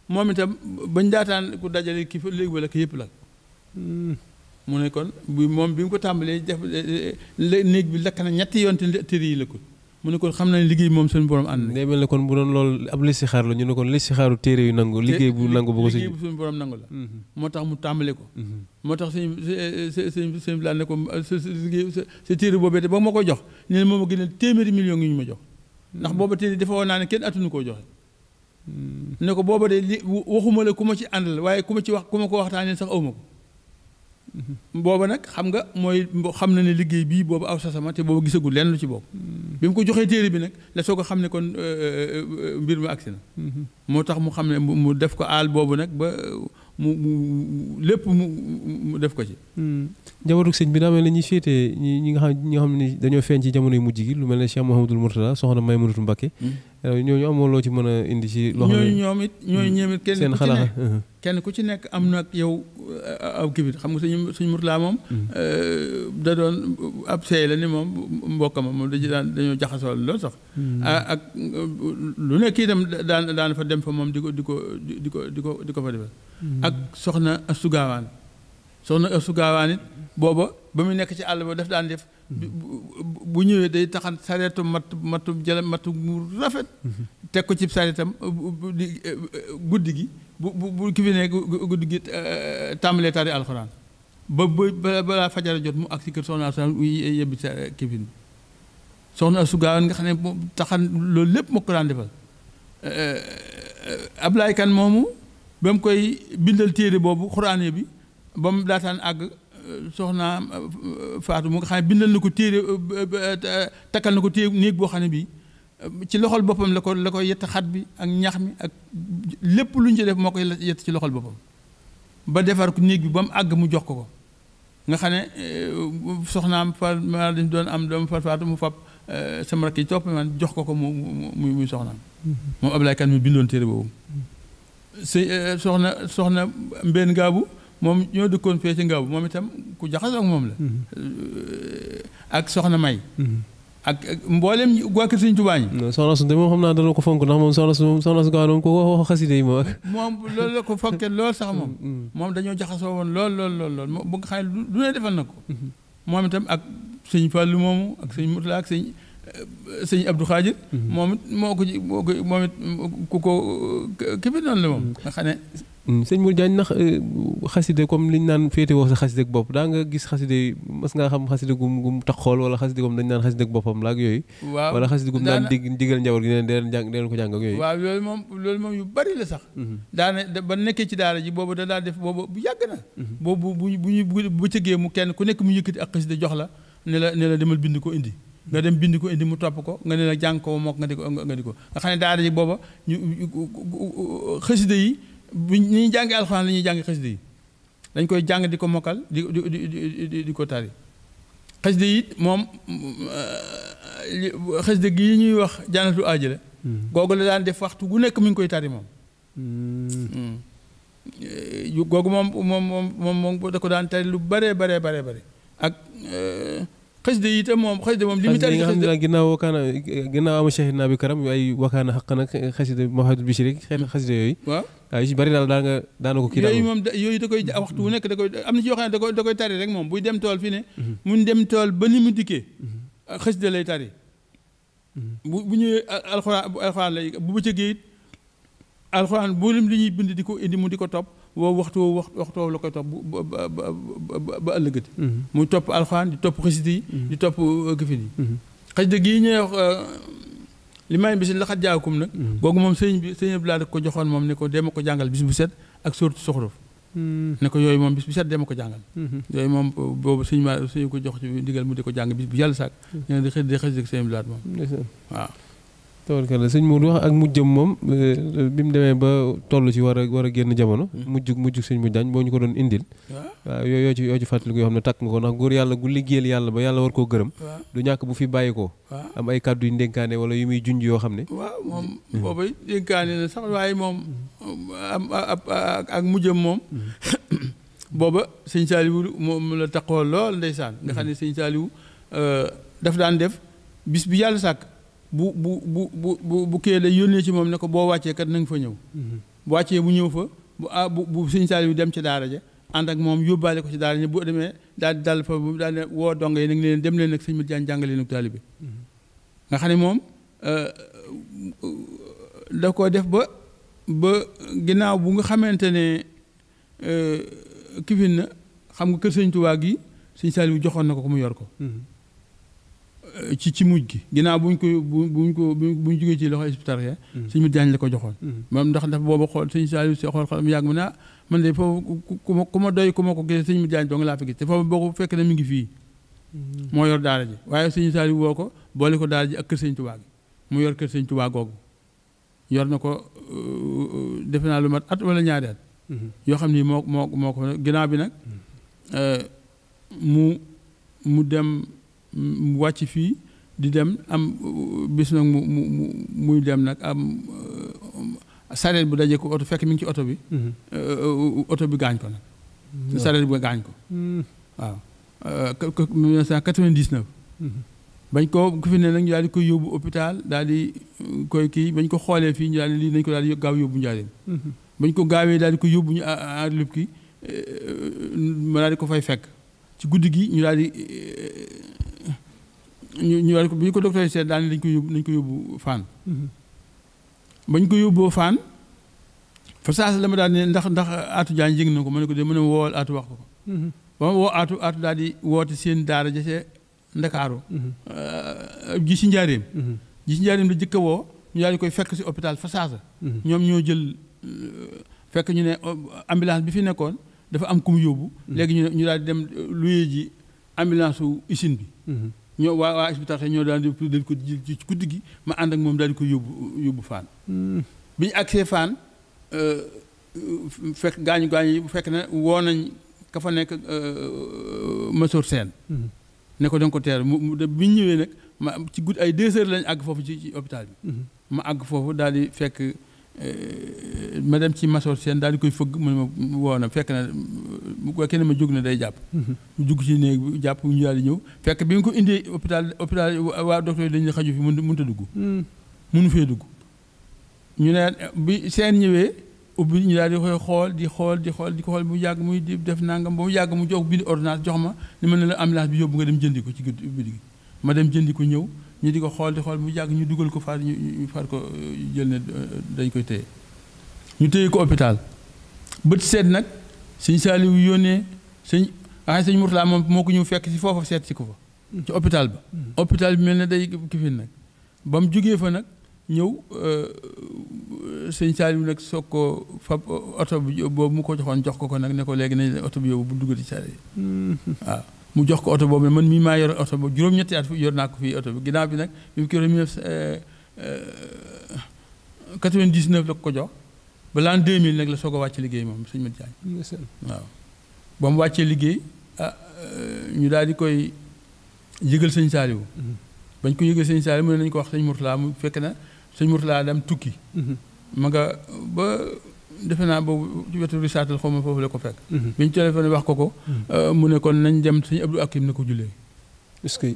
Speaker 4: moom itam bañ daataan ku dajale ki léegi wala ki yëpp lal mu ne kon bi moom bi mu ko tàmbalee def le néeg bi lakk na ñetti yoon te tëri yi la ko
Speaker 3: mu ne kon xam nañ liggéey moom suñu borom ànd na mel ne kon bu doon loolu ab listixaar la ñu ne kon listixaaru téere yu nangu liggéey bu nangu bu suñu
Speaker 4: borom nangu la mhm. moo tax mu tàmbale ko mhm. moo tax suñu suñu suñu bilaat ne ko sa liggéey sa téere boobee te ba ma ko jox ne ne moom a gënal téeméeri million yi ñu ma jox ndax mhm. booba te dafa woon naa ne kenn atunu koo joxe ne ko booba de li waxuma la ku ma ci àndal waaye ku ma ci wax ku ma ko waxtaanee sax awma ko booba nag xam nga mooy xam na ne liggéey bii boobu aw sasama te booba gisagu lenn lu ci boobu hmm. bi mu ko joxee téere bi nag la soo ko xam ne kon euh, euh, euh, mbir mi agsi na hmm. moo tax mu xam ne mu def ko aal boobu nag ba mu mu lépp ko ci hmm.
Speaker 3: jabarug sëñ bi daa mel ne ñi féetee ñi nga xam ñi nga xam ne dañoo feeñ ci jamonoy mujj gi lu mel ne Cheikh Mouhamadul Mourtada soxna Maymunatu Mbakke Euh, ñooñu amoo loo ci mën a indi ci. loo xam ne ñoom it ñooñu mm. ñoom it kenn ku ci nekk mm-hmm.
Speaker 4: kenn ku ci nekk am na ak yow euh, aw kibir xam nga suñu suñu murlaa moom. Mm. Euh, da doon ab seey la ni moom mbokkam moom dañu daan dañoo jaxasoo lool sax. Mm. ak lu nekk itam daan daan fa dem fa moom di ko di ko di ko di ko di ko fa defal. ak soxna Astu Gaawaan soxna Astu Gaawaan it booba ba muy nekk ci àll ba daf daan def. bu ñëwee day taxan sareetu mat matu jële matu mu rafet mhm. teg ko ci sareetam eh, guddi gi bu bu ki fi ne guddi gi eh, tàmbalee tari alxuraan ba ba balaa fajara jot mu ak si kër soxna sa eh, su gaawoon nga xam ne taxan loolu lépp moo ko daan defal Ablaay Kan moomu ba mu koy bindal téere boobu xuraane bi ba mu daataan àgg soxna Fatou mu nga xam ne bindal na ko téere takkal na ko téere néeg boo xam ne bii ci loxol boppam la ko la ko yett xat bi ak ñax mi ak lépp lu ñu ci def moo koy yett ci loxol boppam ba defar ko néeg bi ba mu àgg mu jox ko ko nga xam ne soxnaam fa ma dañ doon am doom fa Fatou mu fab sama rakk yi topp man jox ko ko mu muy muy soxnaam moom Ablaye Kane mi bindoon téere boobu si soxna soxna Mbène Gabou moom ñoo dëkkoon fee ci ngaw moom itam ku jaxasoo ak moom
Speaker 3: la. Mm-hmm. Euh, ak soxna May. Mm-hmm. ak mboolem waa kër Sëñ Tuubaa ñi. soxna Sunte moom xam naa dana ko fonk ndax moom soxna su soxna su ko wax xaside yi moom.
Speaker 4: moom loolu la ko fokkee lool sax moom. Mm-hmm. moom dañoo jaxasoo woon lool lool lool lool bu nga xam ne lu ne defal na ko. moom itam ak sëñ Fallou moomu ak sëñ Moutala ak sëñ. sëñ Abdou Khadir.
Speaker 3: Mhm. moom it moo ko moom it ku ko ki fi noonu la moom mhm. nga xam ne mm, sëñ Mour Diagne ndax euh, xaside comme liñ naan féete wax sa xaside bopp daa nga gis xaside mas ngaa xam xaside gum tax xool wala xaside gum dañ naan xaside boppam laak yooyu waaw wala xaside gum naan dig digal njaboot gi neen deen jàng deen ko jàng ak yooyu waaw
Speaker 4: loolu moom loolu moom yu bari la sax mhm. daana ba nekkee ci daara ji boobu da daal def boobu bu yàgg na boobu bu bu ñu bu cëggee mu kenn ku nekk mu yëkkati ak xaside jox la ne la ne la demal bind ko indi nga dem bind ko indi mu topp ko nga ne la jàng ko mook nga di ko nga di ko nga xam ne daara ji booba ñu xasida yi bu ñuy jàngi alxuraan la ñuy jàngi xasida yi dañ koy jàng di ko mokkal di di ko tari xasida yi moom euh, xasida gi ñuy wax jànnatu aajale hmm. googu la daan def waxtu gu nekk mu ngi koy tari moom hmm. Hmm. googu moom moom moom moom da ko daan tari lu bare bare bare bare ak euh, xasida yi itam moom xasida moom li mu tari xasida
Speaker 3: ginnaaw wakaana ginnaaw ama shahid naa bi karam yu ay wakaana xaq nag xasida mawahidul bichri rek xeet xasida yooyu waaw waaw yu bari daal daa nga daana ko kii yooyu
Speaker 4: moom yooyu da koy waxtu wu nekk da koy am na ci yoo xam ne da koy da koy tari rek moom buy dem tool fi ne mun dem tool ba ni mu dikkee xasida lay tari bu bu ñëwee alxuraan alxuraan lay bu bëccëgee it alxuraan bu lim li ñuy bind di ko indi mu di ko topp woo waxtu woo waxtu la koy topp ba ba ëllëgati mhm. muy topp alxuraan di topp xasida yi mhm. di topp euh, gifin yi mhm. xasida gii ñuy wax euh, li may bi si laxat jaakum nag googu moom sëñ bi sëñ bi laa da ko joxoon moom ne ko dee ko jàngal bis bu set ak sóortu soxrof ne ko yooyu moom bis bu set dee ko jàngal yooyu moom euh, boobu sëñ ma sëñ ko jox ci ndigal mu di ko jàng bis bu yàlla sàkk ne di xëy di xasida sëñ bi laa moom waaw
Speaker 3: toorka la sëñ Modou wax ak mujjam moom euh, euh, bi mu demee ba toll ci war a war a génn jamono. mujjug hmm. mujjug sëñ Modou Diagne boo ñu ko doon indil. waaw yooyu yoo ci yoo ci fàttaliku yoo xam ne takk nga ko ndax góor yàlla gu liggéeyal yàlla ba yàlla war koo gërëm. du ñàkk bu fi bàyyi ko. am ay kàddu yu ndénkaane wala yu muy junj yoo xam ne.
Speaker 4: waaw moom hmm. booba dénkaane na sax waaye moom hmm. ak mujjam moom. booba sëñ Saliou moom la taxoo lool ndeysaan. nga xam ne sëñ Saliou euh, daf daan def bis bi yàlla sàkk. bu bu bu bu bu kii day yónnee ci moom ne ko boo wàccee kat na nga fa ñëw. Mhm. bu wàccee bu ñëw fa bu ah bu bu sëñ Saliou dem ci daara ja ànd ak moom yóbbaale ko ci daara ja boo demee daal di dal fa daal ne woo dong yi nag leen dem leen ak sëñ Modou Diagne jàngale leen mhm. xam ne moom euh, da koo def ba ba ginnaaw bu nga xamante ne euh, kifin na xam nga kër sëñ Tuubaa gi sëñ Saliou joxoon na ko ko mu yor ko. Mhm. ci ci mujj gi ginnaaw buñ ko buñ ko buñ jógee ci loxo hospitalier mm-hmm. suñ mu jaañ la ko joxoon mm-hmm. moom ndax dafa boobu xool suñ Saliou si xool xool mu yàgg mu ne ah man de foofu ku ma ku ma doy ku ma ko gisee suñ mu jaañ dong laa fa gis te foofu boo ko fekk na mi ngi fii mm-hmm. moo yor daara ji waaye suñ Saliou woo ko boole ko daara ji ak kër sëñ Tuubaa gi mu yor kër sëñ Tuubaa googu yor na ko euh, defe naa lu mat at wala ñaari at yoo xam ni moo moo moo ko ginnaaw bi nag euh, mu mu dem mu wàcc fii di dem am bis nag mu mu mu muy dem nag am sareet euh, bu dajee ko oto fekk mi ngi ci oto bi. Mhm. Euh, oto bi gaañ ko nag. sareet bi gaañ ko. Mhm. waaw 1999. Euh, mhm. bañ ko ku fi ne nag ñu daal di koy yóbbu hôpital daal di koy kii bañ ko xoolee fii ñu daal di lii nañ ko daal di gaaw yóbbu bañ ko gaawee daal di ko yóbbu ñu à à daal di ko fay fekk. ci guddi gi ñu daal di eh, ñu ñu daal bi ñu ko docteur seet daal dañ ko yóbbu dañ ko yóbbu Fann mm-hmm. ko yóbboo Fann fa saas lama ma daal ne ndax ndax Atou Diagne yëg na ko ma ne ko de mën a wax ko mm-hmm. ba ma woo Atou Atou daal di woote seen daara ja ca mm-hmm. euh, ji si njaareem ji si njaareem la jëkka woo ñu daal di koy fekk si hôpital fa saasa ñoom ñoo jël euh, fekk ñu ne euh, ambulance bi fi nekkoon dafa am ku mu yóbbu. Hmm. léegi ñu ñu daal dem euh, luyee ji ambulance su usine bi. Hmm. ñoo waa waa hospital ñoo daal di dañ ko jël ci guddi gi ma ànd ak moom daal di ko yóbbu yóbbu Fann. Hmm. bi ñu agsee Fann euh, fekk gaañu gaañu yi bu fekk ne woo nañ ka fa nekk euh, Masor Sène. ne ko da nga ko teer mu mu bi ñu ñëwee nag ma ci guddi ay deux heures lañ àgg foofu ci ci hôpital bi. ma àgg foofu daal di fekk. Euh, ma dem ci masoor seen daal di koy fëgg mu ne ma woo na fekk na bu ma jóg na day jàpp. Mhm. mu jug ci néeg bi jàpp ñu daal ñëw fekk bi nga ko indee hôpital hôpital waa docteur yi dañuy xaju fi mënut a dugg. Mhm. mënu fee dugg. ñu ne seen ñëwee ubbi ñu daal di koy xool di xool di xool di ko xool bu yàgg muy di def nangam ba mu mu jox bind ordonnance jox ma ni ma ne la ambulance bi yóbbu nga dem jëndi ko ci bitig ma dem jëndi ko ñëw. ñu di ko xool di xool mu yàgg ñu dugal ko faar ñu faar ko euh, jël ne euh, dañ koy téye ñu téye ko hôpital bët seet nag sëñ Saaliw yónnee sëñ ah sëñ Murtala moom moo ko ñëw fekk si foofa seet si ko fa ci hôpital ba mm-hmm. hôpital bi mel ne day kifin nag ba mu jógee fa nag ñëw euh, sëñ Saaliw nag soog ko fab oto bi boobu mu ko joxoon jox ko ko nag ne ko léegi nañ oto bi yóbbu bu dugal ci saali mm-hmm. waaw mu jox ko oto boobu man mii maa yor oto boobu juróom-ñetti at yor naa ko fii oto bi ginnaaw bi nag bi mu ko euh, euh, la ko jox ba l'an 2000 nag la soo a wàcce liggéey moom sëñ Mat Jaañ waaw ba mu wàccee liggéey ah, euh, ñu daal di koy yëgal sëñ Saaliwu mm-hmm. bañ ko yëgal sëñ Saaliwu mu ne nañu ko wax sëñ Mourtala mu fekk na sëñ Mourtala dem tukki mm-hmm. ma nga ba defe naa boobu ci wetu risaatal xaw ma foofu la ko fekk. Mhm. bañ ñu téléphoné wax ko ko. Mhm. Euh, mu ne kon nañ dem sëñ Abdou Hakim na ko jullee. est que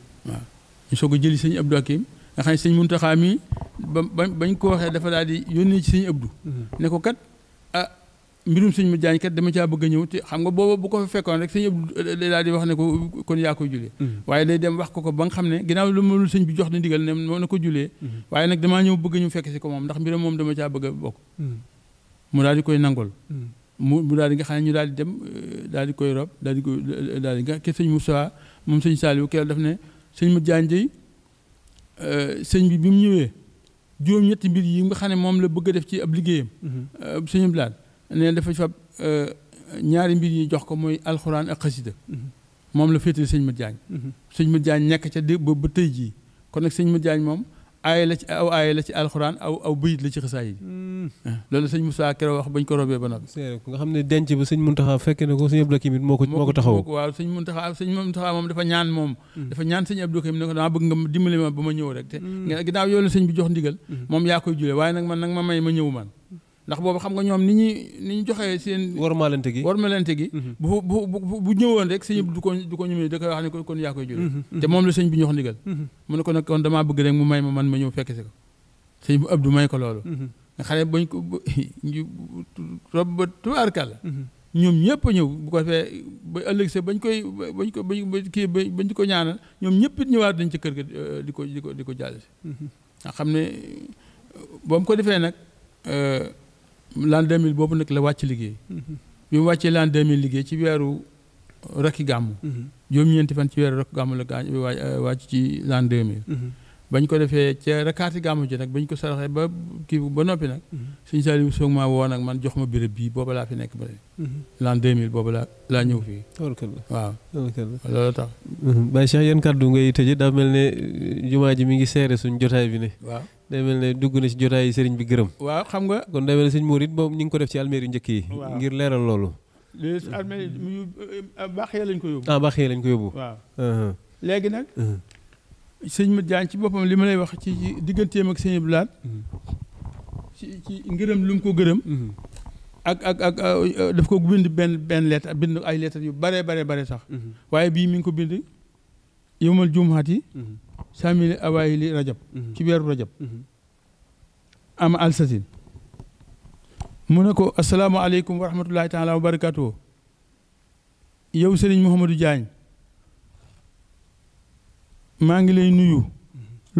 Speaker 4: ñu soog jëli sëñ Abdou Hakim nga xam ne sëñ Muntaxa mi ba bañ ko waxee dafa daal di yónnee ci sëñ Abdou. Mhm. ne ko kat ah mbirum sëñ ma jaañ kat dama caa bëgg ñëw te xam nga booba bu ko fa rek sëñ Abdou euh, day daal di wax ne ko kon yaa koy jullee. waaye day dem wax ko ko ba nga xam ne ginnaaw lu ma lu sëñ bi jox na ndigal ne moo na ko jullee. waaye nag damaa ñëw bëgg ñu fekk si ko moom ndax mbiram moom dama caa bëgg bokk mu daal di koy nangol mu mu daal di nga xam ne ñu daal di dem daal di koy rob daal di ko daal di nga ke sëñ Moussa moom sëñ Saliou keroog daf ne sëñ Mat Jaan Jëy sëñ bi bi mu ñëwee juróom-ñetti mbir yi nga xam ne moom la bëgg a def ci ab liggéeyam sëñu blaat ne dafa fab ñaari mbir yi jox ko mooy alxuraan ak xasida moom la féetale sëñ Mat Jaañ sëñ Mat Jaañ nekk ca ba tëy jii kon nag sëñ Mat Jaañ moom aaya la ci aw aaya la ci alxuraan aw aw bëyit la ci xasaay yi loolu sëñ Moussa Kero wax bañ ko robee ba noppi
Speaker 3: nga xam ne denc bi sëñ Muntaxa fekk na ko sëñ Abdou Karim moo ko moo ko taxaw
Speaker 4: waaw sëñ Muntaxa sëñ Muntaxa moom dafa ñaan moom dafa ñaan sëñ Abdou Karim ne ko dama bëgg nga dimbali ma ba ma ñëw rek te ginnaaw yoolu sëñ bi jox ndigal moom yaa koy jule waaye nag man nag ma may ma ñëw man ndax boobu xam nga ñoom ni ñu ni ñu joxee seen. warmalante gi warmalante gi. Mhm. bu bu bu bu ñëwoon rek sëñ bi du ko du ko ñëwee da koy wax ne kon yaa koy jël. Mhm. Mhm. te moom la sëñ bi ñu wax ndigal. mu ne ko nag kon damaa mu may ma man ma ñëw fekk si ko. sëñ bu may ko loolu. nga xale bañ ko rob ba tubaarkàlla. ñoom ñëpp ñëw bu ko defee ba ëllëg sa bañ koy bañ ko bañ kii bañ ko ñaanal ñoom ñëpp ñëwaat dañ ci kër euh, di ko di ko di ko jàll si. nga xam ne ba mu ko defee nag. Euh, l'an 2000 boobu nag la wàcc liggéey. Mm-hmm. bi mu wàccee l'an 2000 liggéey ci weeru rakki gàmmu. Mm-hmm. juróom-ñeenti fan ci weeru rakki gàmmu la gaañ euh, wàcc ci l'an 2000. Mm-hmm. bañ ko defee ca rakkaati gàmmu ji nag bañ ko saraxee ba kii ba noppi nag. suñu Saliou soog maa woo nag man jox ma béréb bii booba laa
Speaker 3: fi nekk ba l'an 2000 boobu laa laa ñëw fii. tabarakalla
Speaker 4: waaw tabarakalla
Speaker 3: loolu tax. Baye Cheikh yan du ngay tëjee daa mel ne euh, jumaa ji mi ngi seere suñ jotaay bi ne. waaw. day mel ne dugg na ci jotaayu sëriñ bi gërëm. waaw xam nga. kon day mel sëñ Mor it boobu ñu ngi ko def ci almeer yu njëkk yi. ngir leeral loolu.
Speaker 4: léegi eh, lañ ko yóbbu. ah baaxee lañ ko yóbbu.
Speaker 3: Uh-huh.
Speaker 4: nag. Uh-huh. sëñ Mat Jaañ ci boppam li ma lay wax ci digganteem ak sëñ Blaat. Uh-huh. ci ci ngërëm ko gërëm. ak uh, bind benn benn lettre ay lettres yu bare bare bare sax. waaye bii mi ngi ko bind yomal jumaat yi. saamili awaayili rajab ci weeru rajab am alsasin mu ne ko asalaamaaleykum wa rahmatullahi taala wa barakatuhu yow sëriñ Mouhamadou Diagne maa ngi lay nuyu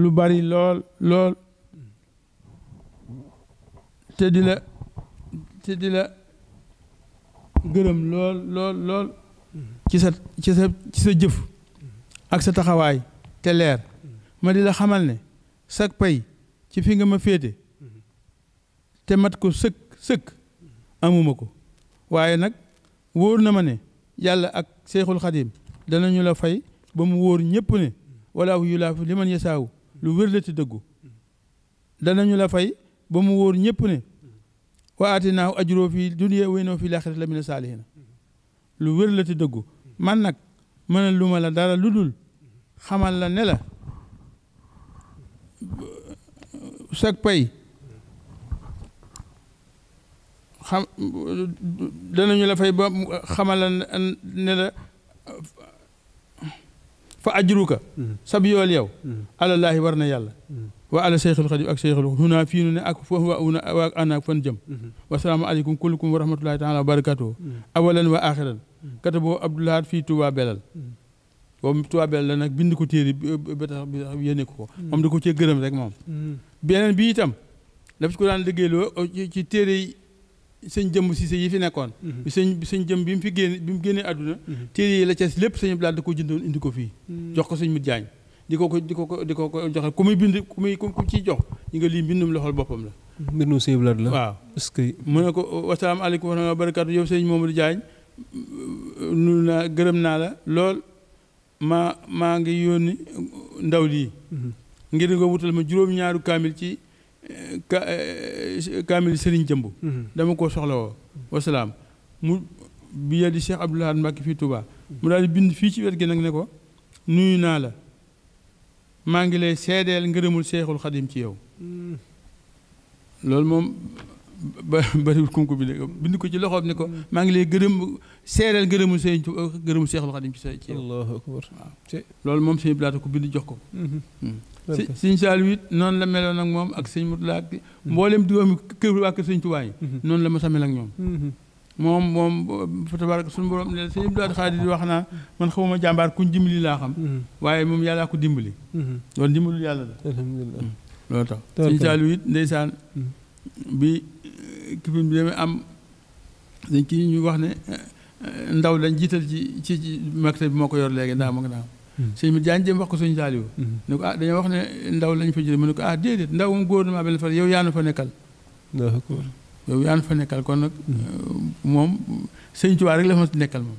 Speaker 4: lu bari lool lool te di la te di la gërëm lool lool lool ci sa ci sa ci sa jëf ak sa taxawaay te leer ma di la xamal ne sag pay ci fi nga ma féete te mat ko sëkk sëkk amuma ko waaye nag wóor na ma ne yàlla ak seexul xadim danañu la fay ba mu wóor ñépp ne walaahu yulaafu liman yasaawu lu wér la ci dëggu danañu la fay ba mu wóor ñépp ne wa aatinaahu ajroo fii dunya waynoo fii laaxirati la mina saalihiina lu wér la ci dëggu man nag mëna lu ma la dara lu dul xamal la ne la sag pay xam danañu la fay ba xamal la ne la fa ajruka sab yool yow ala war warna yàlla wa ala seyxul khadim ak seyxul xuna fii nu ne ak fo wa una waa anaak fan jëm alaykum kullukum wa rahmatullahi taala wa barakatuh awalan wa akhiran kata abdullah fi tuba belal boobu tubaabeel la nag bind ko téere ba tax bi tax yéene ko ko mm. moom da ko cee gërëm rek moom mm. beneen bi itam daf ci ko daan liggéeyloo ci téere yi sëñ jëmm si yi fi nekkoon mm-hmm. bi sëñ sëñ bi mu fi génn bi mu génnee àdduna mm-hmm. téere yi la ca lépp sëñ Abdoulaye da ko jëndoon indi ko fii mm. jox ko sëñ Mut Jaañ di ko ko di ko ko di ko ko joxe ku muy bind ku muy ku ciy jox ñu nga lii mbindum loxol boppam la
Speaker 3: mbindum sëñ Abdoulaye la waaw
Speaker 4: est-ce que mu Jaañ nu naa gërëm naa la lool ma maa ngi yónni ndaw lii mm-hmm. ngir nga wutal ma juróom-ñaaru kaamil ci eh, eh, kaamil Serigne Jëmb mm-hmm. dama koo soxla woo mm-hmm. wasalaam mu bi di Cheikh Abdoul Ahad Mbacké fii Touba mu daal di bind fii ci wet gi nag ne ko nuyu naa la maa ngi lay seedeel ngërëmul Seexul Xadim ci yow ba bariwul konku bi léegi bind ko ci loxoom ni ko mm. maa ngi lay gërëm seereel gërëmu sëñ gërëmu Seexul ci sa ci Allahu akbar waaw loolu moom sëñ Blaata ko bind jox ko mm-hmm. mm. sëñ Saaliw it noonu la meloon ak moom ak sëñ Murtala ak mm. mboolem diwami kër waa kër sëñ Tuubaa yi mm-hmm. noonu la ma samel ak ñoom mm-hmm. moom moom fa tabarak suñu borom ne sëñ Abdou Lahad Xaadir di wax naa man xamuma jàmbaar kuñ dimbali laa xam waaye moom yàllaa ko dimbali loolu dimbalul yàlla la alhamdulilah loolu tax sëñ Saaliw it ndeysaan bi kifin bi demee am dañ kii ñu wax ne ndaw lañ jiital ci ci maktab bi moo ko yor léegi ndaam ak ndaam sëñ bi jaan jëm wax ko suñu saaliwu ne ko ah dañoo wax ne ndaw lañ fa jële mu ne ko ah déedéet ndaw moom gouvernement bi la fa yow yaanu fa nekkal yow yaanu fa nekkal kon nag moom sëñ Tuubaa rek la fa nekkal moom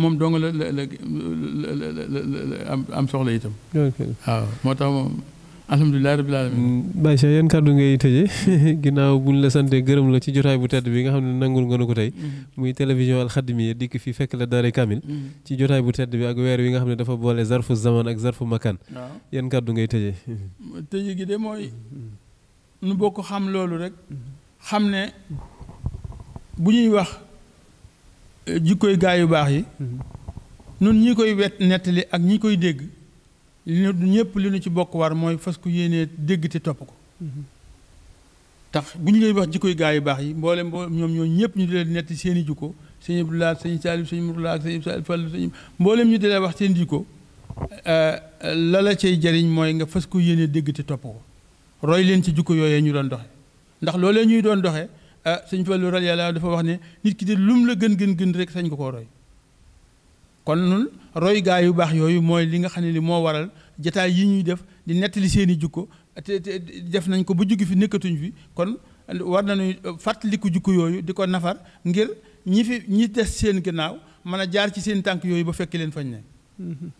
Speaker 4: moom dong la la la
Speaker 3: la am soxla itam waaw moo tax moom alhamdulilah rabbil alamin mm. Baye Cheikh yan kàddu ngay tëjee ginnaaw buñ la sante gërëm la ci jotaay bu tedd bi nga xam ne nangul nga nu ko tey mm-hmm. muy télévision alxadimiya dikk fi fekk la daare kamil mm-hmm. ci jotaay bu tedd bi ak weer wi nga xam ne dafa boole zarfu zaman ak zarfu makan yan kàddu ngay tëjee
Speaker 4: tëje gi de mooy nu bokk xam loolu rek xam ne bu ñuy wax eh, jikkoy gaa yu baax yi mm-hmm. nun ñi koy wet nettali ak ñi koy dégg li ñëpp li ñu ci bokk war mooy fas ku yéenee dégg te topp ko mhm. tax bu ñu lay wax jikkoy gaa yu baax yi mboole mboole ñoom ñoom ñëpp ñu di leen netti seen i jikko sëñ Abdoulaye ak sëñ Saalib sëñ Murtala ak sëñ Saalib Fall sëñ mbooleem ñu di leen wax seen jikko eh, la la cay jariñ mooy nga fas ku yéenee dégg te topp ko roy leen ci jikko yooyee ñu doon doxe ndax loolee ñuy doon doxee ah lu Fallu radiallahu dafa wax ne nit ki de lum la gën gën gën rek sañ ko koo roy kon nun roy gaa yu baax yooyu mooy li nga xam ne li moo waral jetaay yi ñuy def di nettali seeni i jukko te def nañ ko bu juggi fi nekkatuñu fi kon war nañu euh, fàttaliku jukko yooyu di ko nafar ngir ñi fi ñi des seen gannaaw mën a jaar ci seen tànk yooyu ba fekk leen fañ ne mm-hmm.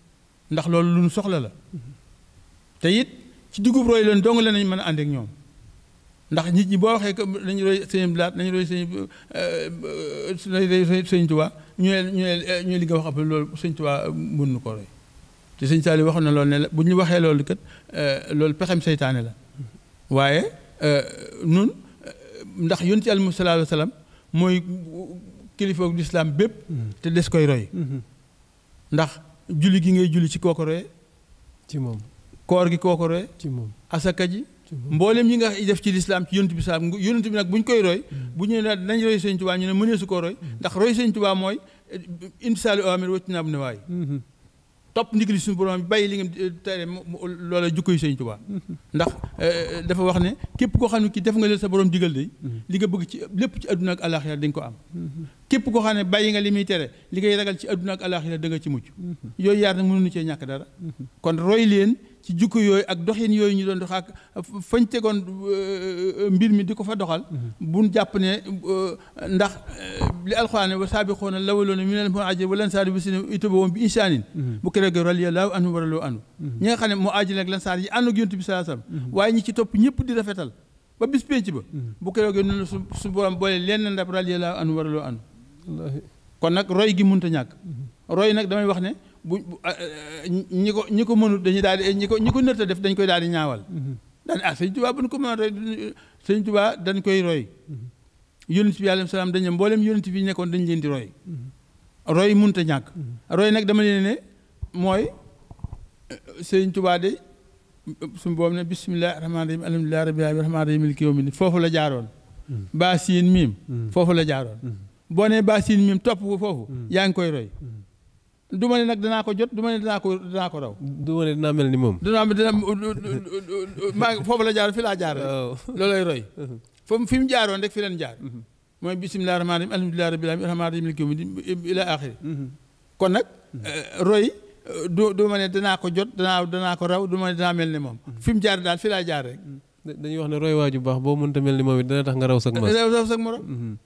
Speaker 4: ndax loolu lu ñu soxla la mm-hmm. te it ci dugub roy leen dong lañ mën a àndeek ñoom ndax nit ñi boo waxee que nañu roy seen blaat nañu roy seen euh, euh, nañu roy seen ñu ne ñu ne eh, ñu li nga wax après loolu sëñ Tuubaa na ko roy te sëñ yi waxoon na loolu ne la bu ñu waxee loolu kat eh, loolu pexem seytaane la waaye eh, nun ndax yonent Yàlla sallallaahu alayhi mooy kilifa gu lislaam bépp te des koy roy ndax julli gi ngay julli ci kooku roye ci moom koor gi kooku roye ci moom asaka ji mboolem yi nga def ci lislaam ci yonent bi salaam yonent bi nag bu ñu koy roy bu ñu ne nañ roy sëñ Tuubaa ñu ne mënee su ko roy ndax roy sëñ Tuubaa mooy eh, imtisaali awaamir wajtinaabu nawaay mm-hmm. topp ndigal suñu borom bi bàyyi li nga eh, tere loola jukko yu sëñ Tuubaa mm-hmm. ndax eh, dafa wax ne képp koo xam ne ki def nga leen sa borom digal de mm-hmm. li bëgg ci lépp ci àdduna ak alaxira ko am képp koo xam ne bàyyi nga li muy tere li ngay ragal ci adduna ak alaxira da nga ci mujj yooyu yaar nag mënuñu cee ñàkk dara kon roy leen ci jukko yooyu ak doxin yooyu ñu doon dox ak fañ tegoon euh, euh, mbir mi di ko fa doxal mm-hmm. buñ jàpp ne euh, ndax li alxuraan wa saabixoona lawaloona lawaloo leen moo ajir wa lan bi si ne itaboom bi insaanin mm-hmm. bu keroog raliyallahu anhu moo mm-hmm. ajir ak lan saar yi ànd ak yonent bi sallallahu alayhi waaye ñi ci topp ñëpp di rafetal ba bis pénc ba bu keroogee noonu la su su borom boole leen ndab raliyallahu anhu wa ralu anhu kon nag roy gi munta a ñàkk roy nag damay wax ne bu ñi ko ñi ko mënut dañuy daal di eh, ñi ko ñi ko nërta def dañ koy daal di ñaawal mm-hmm. daal ah sëñ tubaa bu ñu ko mën a roy sëñ tubaa dañ koy roy mm-hmm. yonent bi alayhi salaam dañu mboolem yonent bi nekkoon dañ leen di roy mm-hmm. roy munta ñàkk roy nag dama leen ne mooy sëñ tubaa de su boobu ne bisimilah rahmaani rahim alhamdulilah rabbil alamin rahmaani rahim maliki yawmi din foofu la jaaroon baa siin miim foofu la jaaroon boo nee baa siin miim topp ko foofu yaa ngi koy roy du ma ne nag danaa ko jot du ma ne danaa ko danaa ko raw. du mel ni moom. dinaa dina maa foofu la jaar fi laa jaar. Oh. loolay roy. Uh-huh. foofu fi mu jaaroon rek fi leen jaar. Uh-huh. mooy bisimilah rahmaani rahiim alhamdulilah rabbil uh-huh. kon nag eh, roy du ma ne danaa ko jot danaa danaa ko raw du ma ne mel ni moom. fi mu jaar daal fi laa jaar rek.
Speaker 3: dañuy wax ne roy waaju baax boo mënta mel ni moom it dana tax nga raw sag morom. raw sag morom.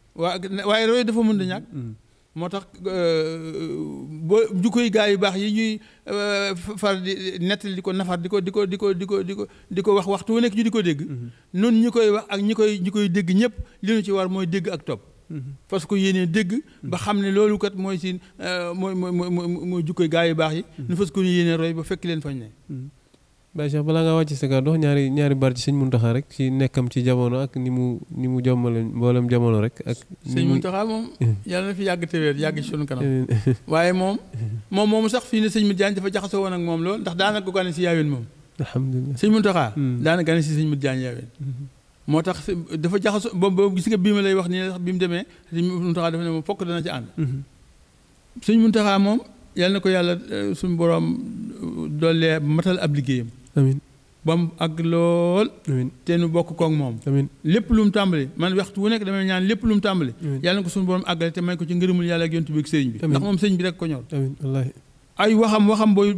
Speaker 4: waaye roy dafa mën di ñàkk. moo tax euh, ba jukkoy gaa yu baax yi ñuy euh, far di nettali di ko nafar di ko di ko di ko di ko di ko di ko wax waxtu wu nekk ñu di ko dégg mhm. nun ñi koy wax ak ñi koy ñi koy dégg ñëpp li ñu ci war mooy dégg ak topp parce mhm. que yéenee dégg ba mhm. xam ne loolu kat mooy si euh, mooy mooy mooy mooy jukkoy gaa yu baax yi nu fas ko yéenee roy ba fekk leen fañ ne
Speaker 3: Baye Cheikh balaa ngaa wàcc sa kàddu ñaari ñaari baat ci sëñ Muntaxa rek ci nekkam ci jamono ak ni mu ni mu jommale mboolem jamono rek. ak sëñ Muntaxa moom
Speaker 4: yàlla na fi yàgg te ci sunu kanam. waaye moom moom moomu sax fii ne sëñ Modou Diagne dafa jaxasoo woon ak moom lool ndax daanaka ko gane si yaaween moom. alhamdulilah sëñ Muntaxa. Hmm. daanaka gane si sëñ Modou Diagne yaaween. Mm-hmm. moo tax dafa jaxasoo boobu gis nga bii ma lay wax nii bi mu demee sëñ Muntaxa dafa ne moom fokk dana ci ànd. Mm-hmm. sëñ Muntaxa moom yàlla na ko yàlla eh, suñu borom doole matal ab liggéeyam amiin ba mu àgg lool. amiin te nu bokk koog moom. amiin lépp lu mu tàmbali man waxtu wu nekk damay ñaan lépp lu mu tàmbali. yàlla na ko suñu borom àggale te may ko ci ngërëmul yàlla ak yontu bi ak sëriñ bi. ndax moom sëriñ bi rek ko ñor. ay waxam waxam booy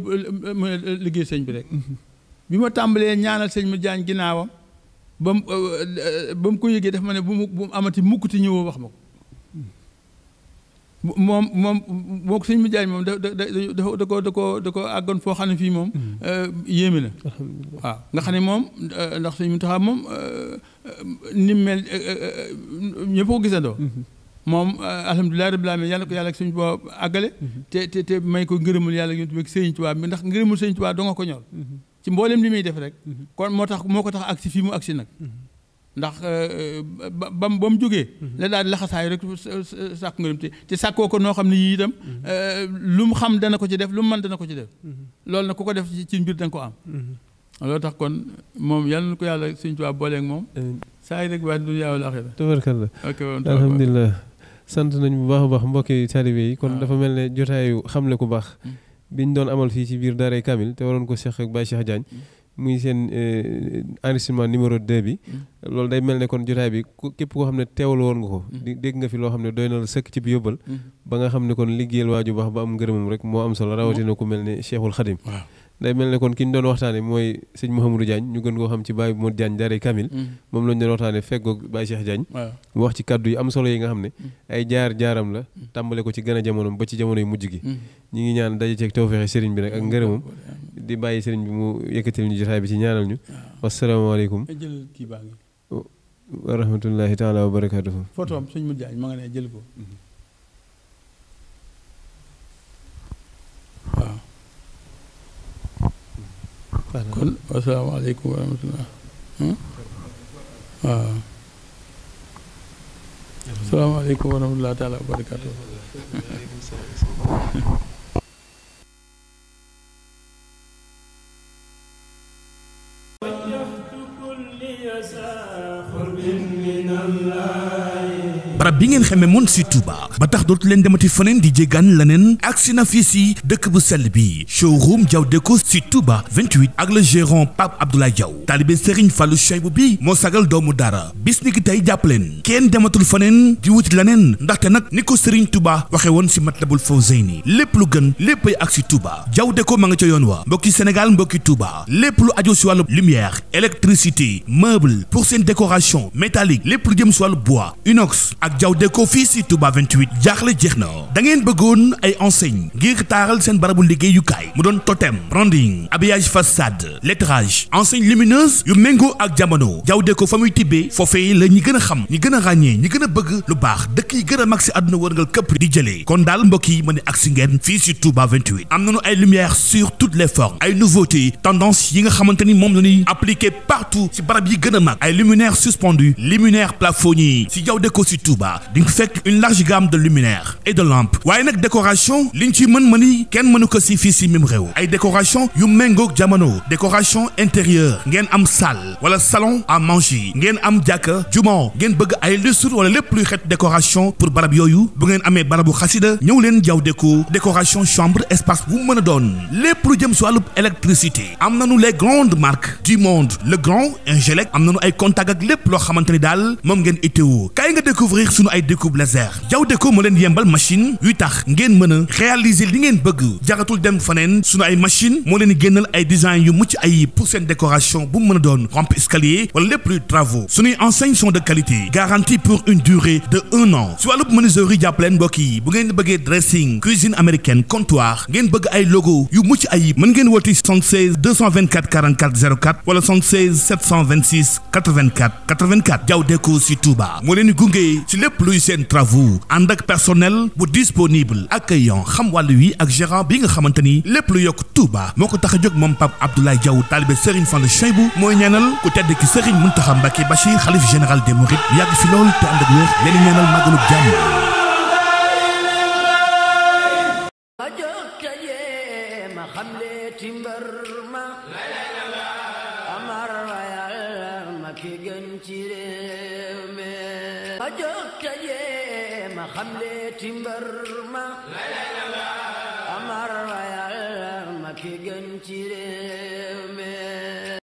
Speaker 4: liggéey sëriñ bi rek. Mhm. bi ma tàmbalee ñaanal sëriñ ma jaañ ginnaawam ba mu euh, euh, ba mu ko yëgee daf ma ne bu mu amati mukkuti ñëwoo wax ma ko. moom moom moo ko sëñ mu jaay moom da da da ko da ko da ko àggoon foo xam ne fii moom mm-hmm. euh, yéeme na waaw nga xam ne moom euh, ndax sëñ mu taxaa moom euh, ni mu mel ñëpp ko gisandoo mm-hmm. moom alhamdulilah rabbil alamin yàlla ko yàlla ak boo àggale mm-hmm. te te te may ko ngërëmul yàlla yonent bi ak sëñ Tuubaa ndax ngërëmul sëñ Tuubaa doo nga ko ñor ci mboolem li muy def rek kon moo tax moo ko tax agsi fii mu agsi nag ndax euh, euh, ba ba ba mu jógee. Mhm. la daal di laxasaay rek sàkku ngërëm te te sàkkoo ko noo xam ne yii itam. Mhm. Euh, lu mu xam dana ko ci def lu mu mën dana ko ci def. Mhm. loolu na ku ko def ci mbir danga ko am. loolu tax kon moom yal na ko yàlla Sëriñ Tuubaa booleeg
Speaker 3: moom. saa yi rek waa du yàlla axira. tabaarkalla alhamdulilah sant nañ bu baax a baax mbokki taalibe yi kon ah. dafa mel ne jotaayu xamle ku baax. Hmm. bi ñu doon amal fii ci biir daaray Kamil te waroon ko Cheikh ak Baye Cheikh Diagne. Hmm. muy seen euh, enregistrement numéro 2 bi. Mm. loolu day mel ne kon jotaay bi képp koo xam ne teewal woon nga ko. Mm. dégg nga fi loo xam ne doy na la sëkk ci bi yóbbal. Mm. ba nga xam ne kon liggéeyal waaju baax ba am ngërëmam rek moo am solo rawatina ku mel ne Cheikhul Khadim. waaw day mel ne kon ki ñu doon waxtaane mooy sëñ Mouhamadou Diagne ñu gën koo xam ci Baye Modou Diagne Daaray Kamil mm-hmm. moom lañ doon waxtaane feggoog Baye Cheikh Diagne mu wax ci kaddu yu am solo yi nga xam ne mm-hmm. ay jaar jaaram la mm-hmm. tàmbale ko ci gën a jamonom ba ci jamono yu mujj gi ñi ngi ñaan daje ceeg tawfeexe sëriñ bi nag ak ngërëmam di bàyyi sëriñ bi mu yëkkatil ñu jotaay bi ci ñaanal ñu wasalaamaaleykum eh, wa rahmatullahi taala wa barakatuhu
Speaker 4: photo am sëñ Modou Diagne ma nga ne ko كل السلام عليكم ورحمة الله آه. السلام عليكم ورحمة الله تعالى وبركاته
Speaker 2: وجهت كل يسار من barab bi ngeen xamee moon si Touba ba tax dootu leen demati feneen di jéggaan leneen agsi na fii si dëkk bu sell bi showroom Diaw Déco si Touba 28 ak le gérant Pape Abdoulaye Diaw taalibe Serigne Fallou chaibo bi moo sagal doomu dara bis ni ki tey jàppaleen kenn dematul feneen di wuti leneen ndaxte nag ni ko Serigne Touba waxe woon si Matlabul Fawzayni lépp lu gën léppay ak si Touba Diaw ko ma nga ca yoon wa mbokki Sénégal mbokki Touba lépp lu ajo si wàllu lumière électricité meuble pour seen décoration métallique lépp lu jëm si ak jawde ko Touba 28 jaaxle jeex da ngeen bëggoon ay enseigne ngir taaral seen barabu kay mu doon totem branding habillage façade lettrage enseigne lumineuse yu mengo ak jamono jawde ko fa B. tibbee le la ñi gën xam ñi gën a ñi gën a bëgg lu baax dëkk yi gën a mag wërngal di jëlee kon dal mbokk yi ak ngeen Touba 28 am est ay lumière sur toutes les formes ay nouveautés tendance yi nga xamanteni mom appliquer partout si barab yi gën a ay luminaire suspendu luminaire plafonnier si jawde ko Touba une large gamme de luminaires et de lampes waaye une décoration liñ ci mën ken menu que si fii mimreo. décoration yu mengo djamano. décoration intérieure gen am salle wala salon à manger gen am jàkka gen bug bëgg ay lustre wala le plus xeet décoration pour barab yooyu bu barabou chasside, barabu len diaw leen déco décoration chambre espace bu mën a doon djem lu électricité Amna les grandes marques du monde le grand Ingelec amna nañu ay contact ak lépp loo xamante ni daal moom ngeen kay nga découvrir ndax ay découpe laser jaw déco mo leen yembal machine huit tax ngeen mën réaliser li ngeen bëgg jaratul dem fanen sunu ay machine mo leen génnal ay design yu mucc ay pour cette décoration bu mu rampe escalier wala les luy travaux sunuy enseignes sont de qualité garantie pour une durée de un an si wàllub menuiserie jàppaleen mbokk yi bu ngeen bëggee dressing cuisine américaine comptoir ngeen bëgg ay logo yu mucc ay mën ngeen woti 76 224 44 04 wala 76 726 84 84 jaw déco ci Touba mo leen gunge les plus seen travaux ànd ak personnel bu disponible accueillant xam wàllu wi ak gérant bi nga xamante ni lépp lu yokk Touba moo ko tax a jóg moom Pape Abdoulaye Diaw taalibe Serigne qui Cheibou mooy ñaanal ku tedd ki Serigne Bachir général des Mourides yàgg fi lool te ànd ak
Speaker 1: timbar ma amar wayal ma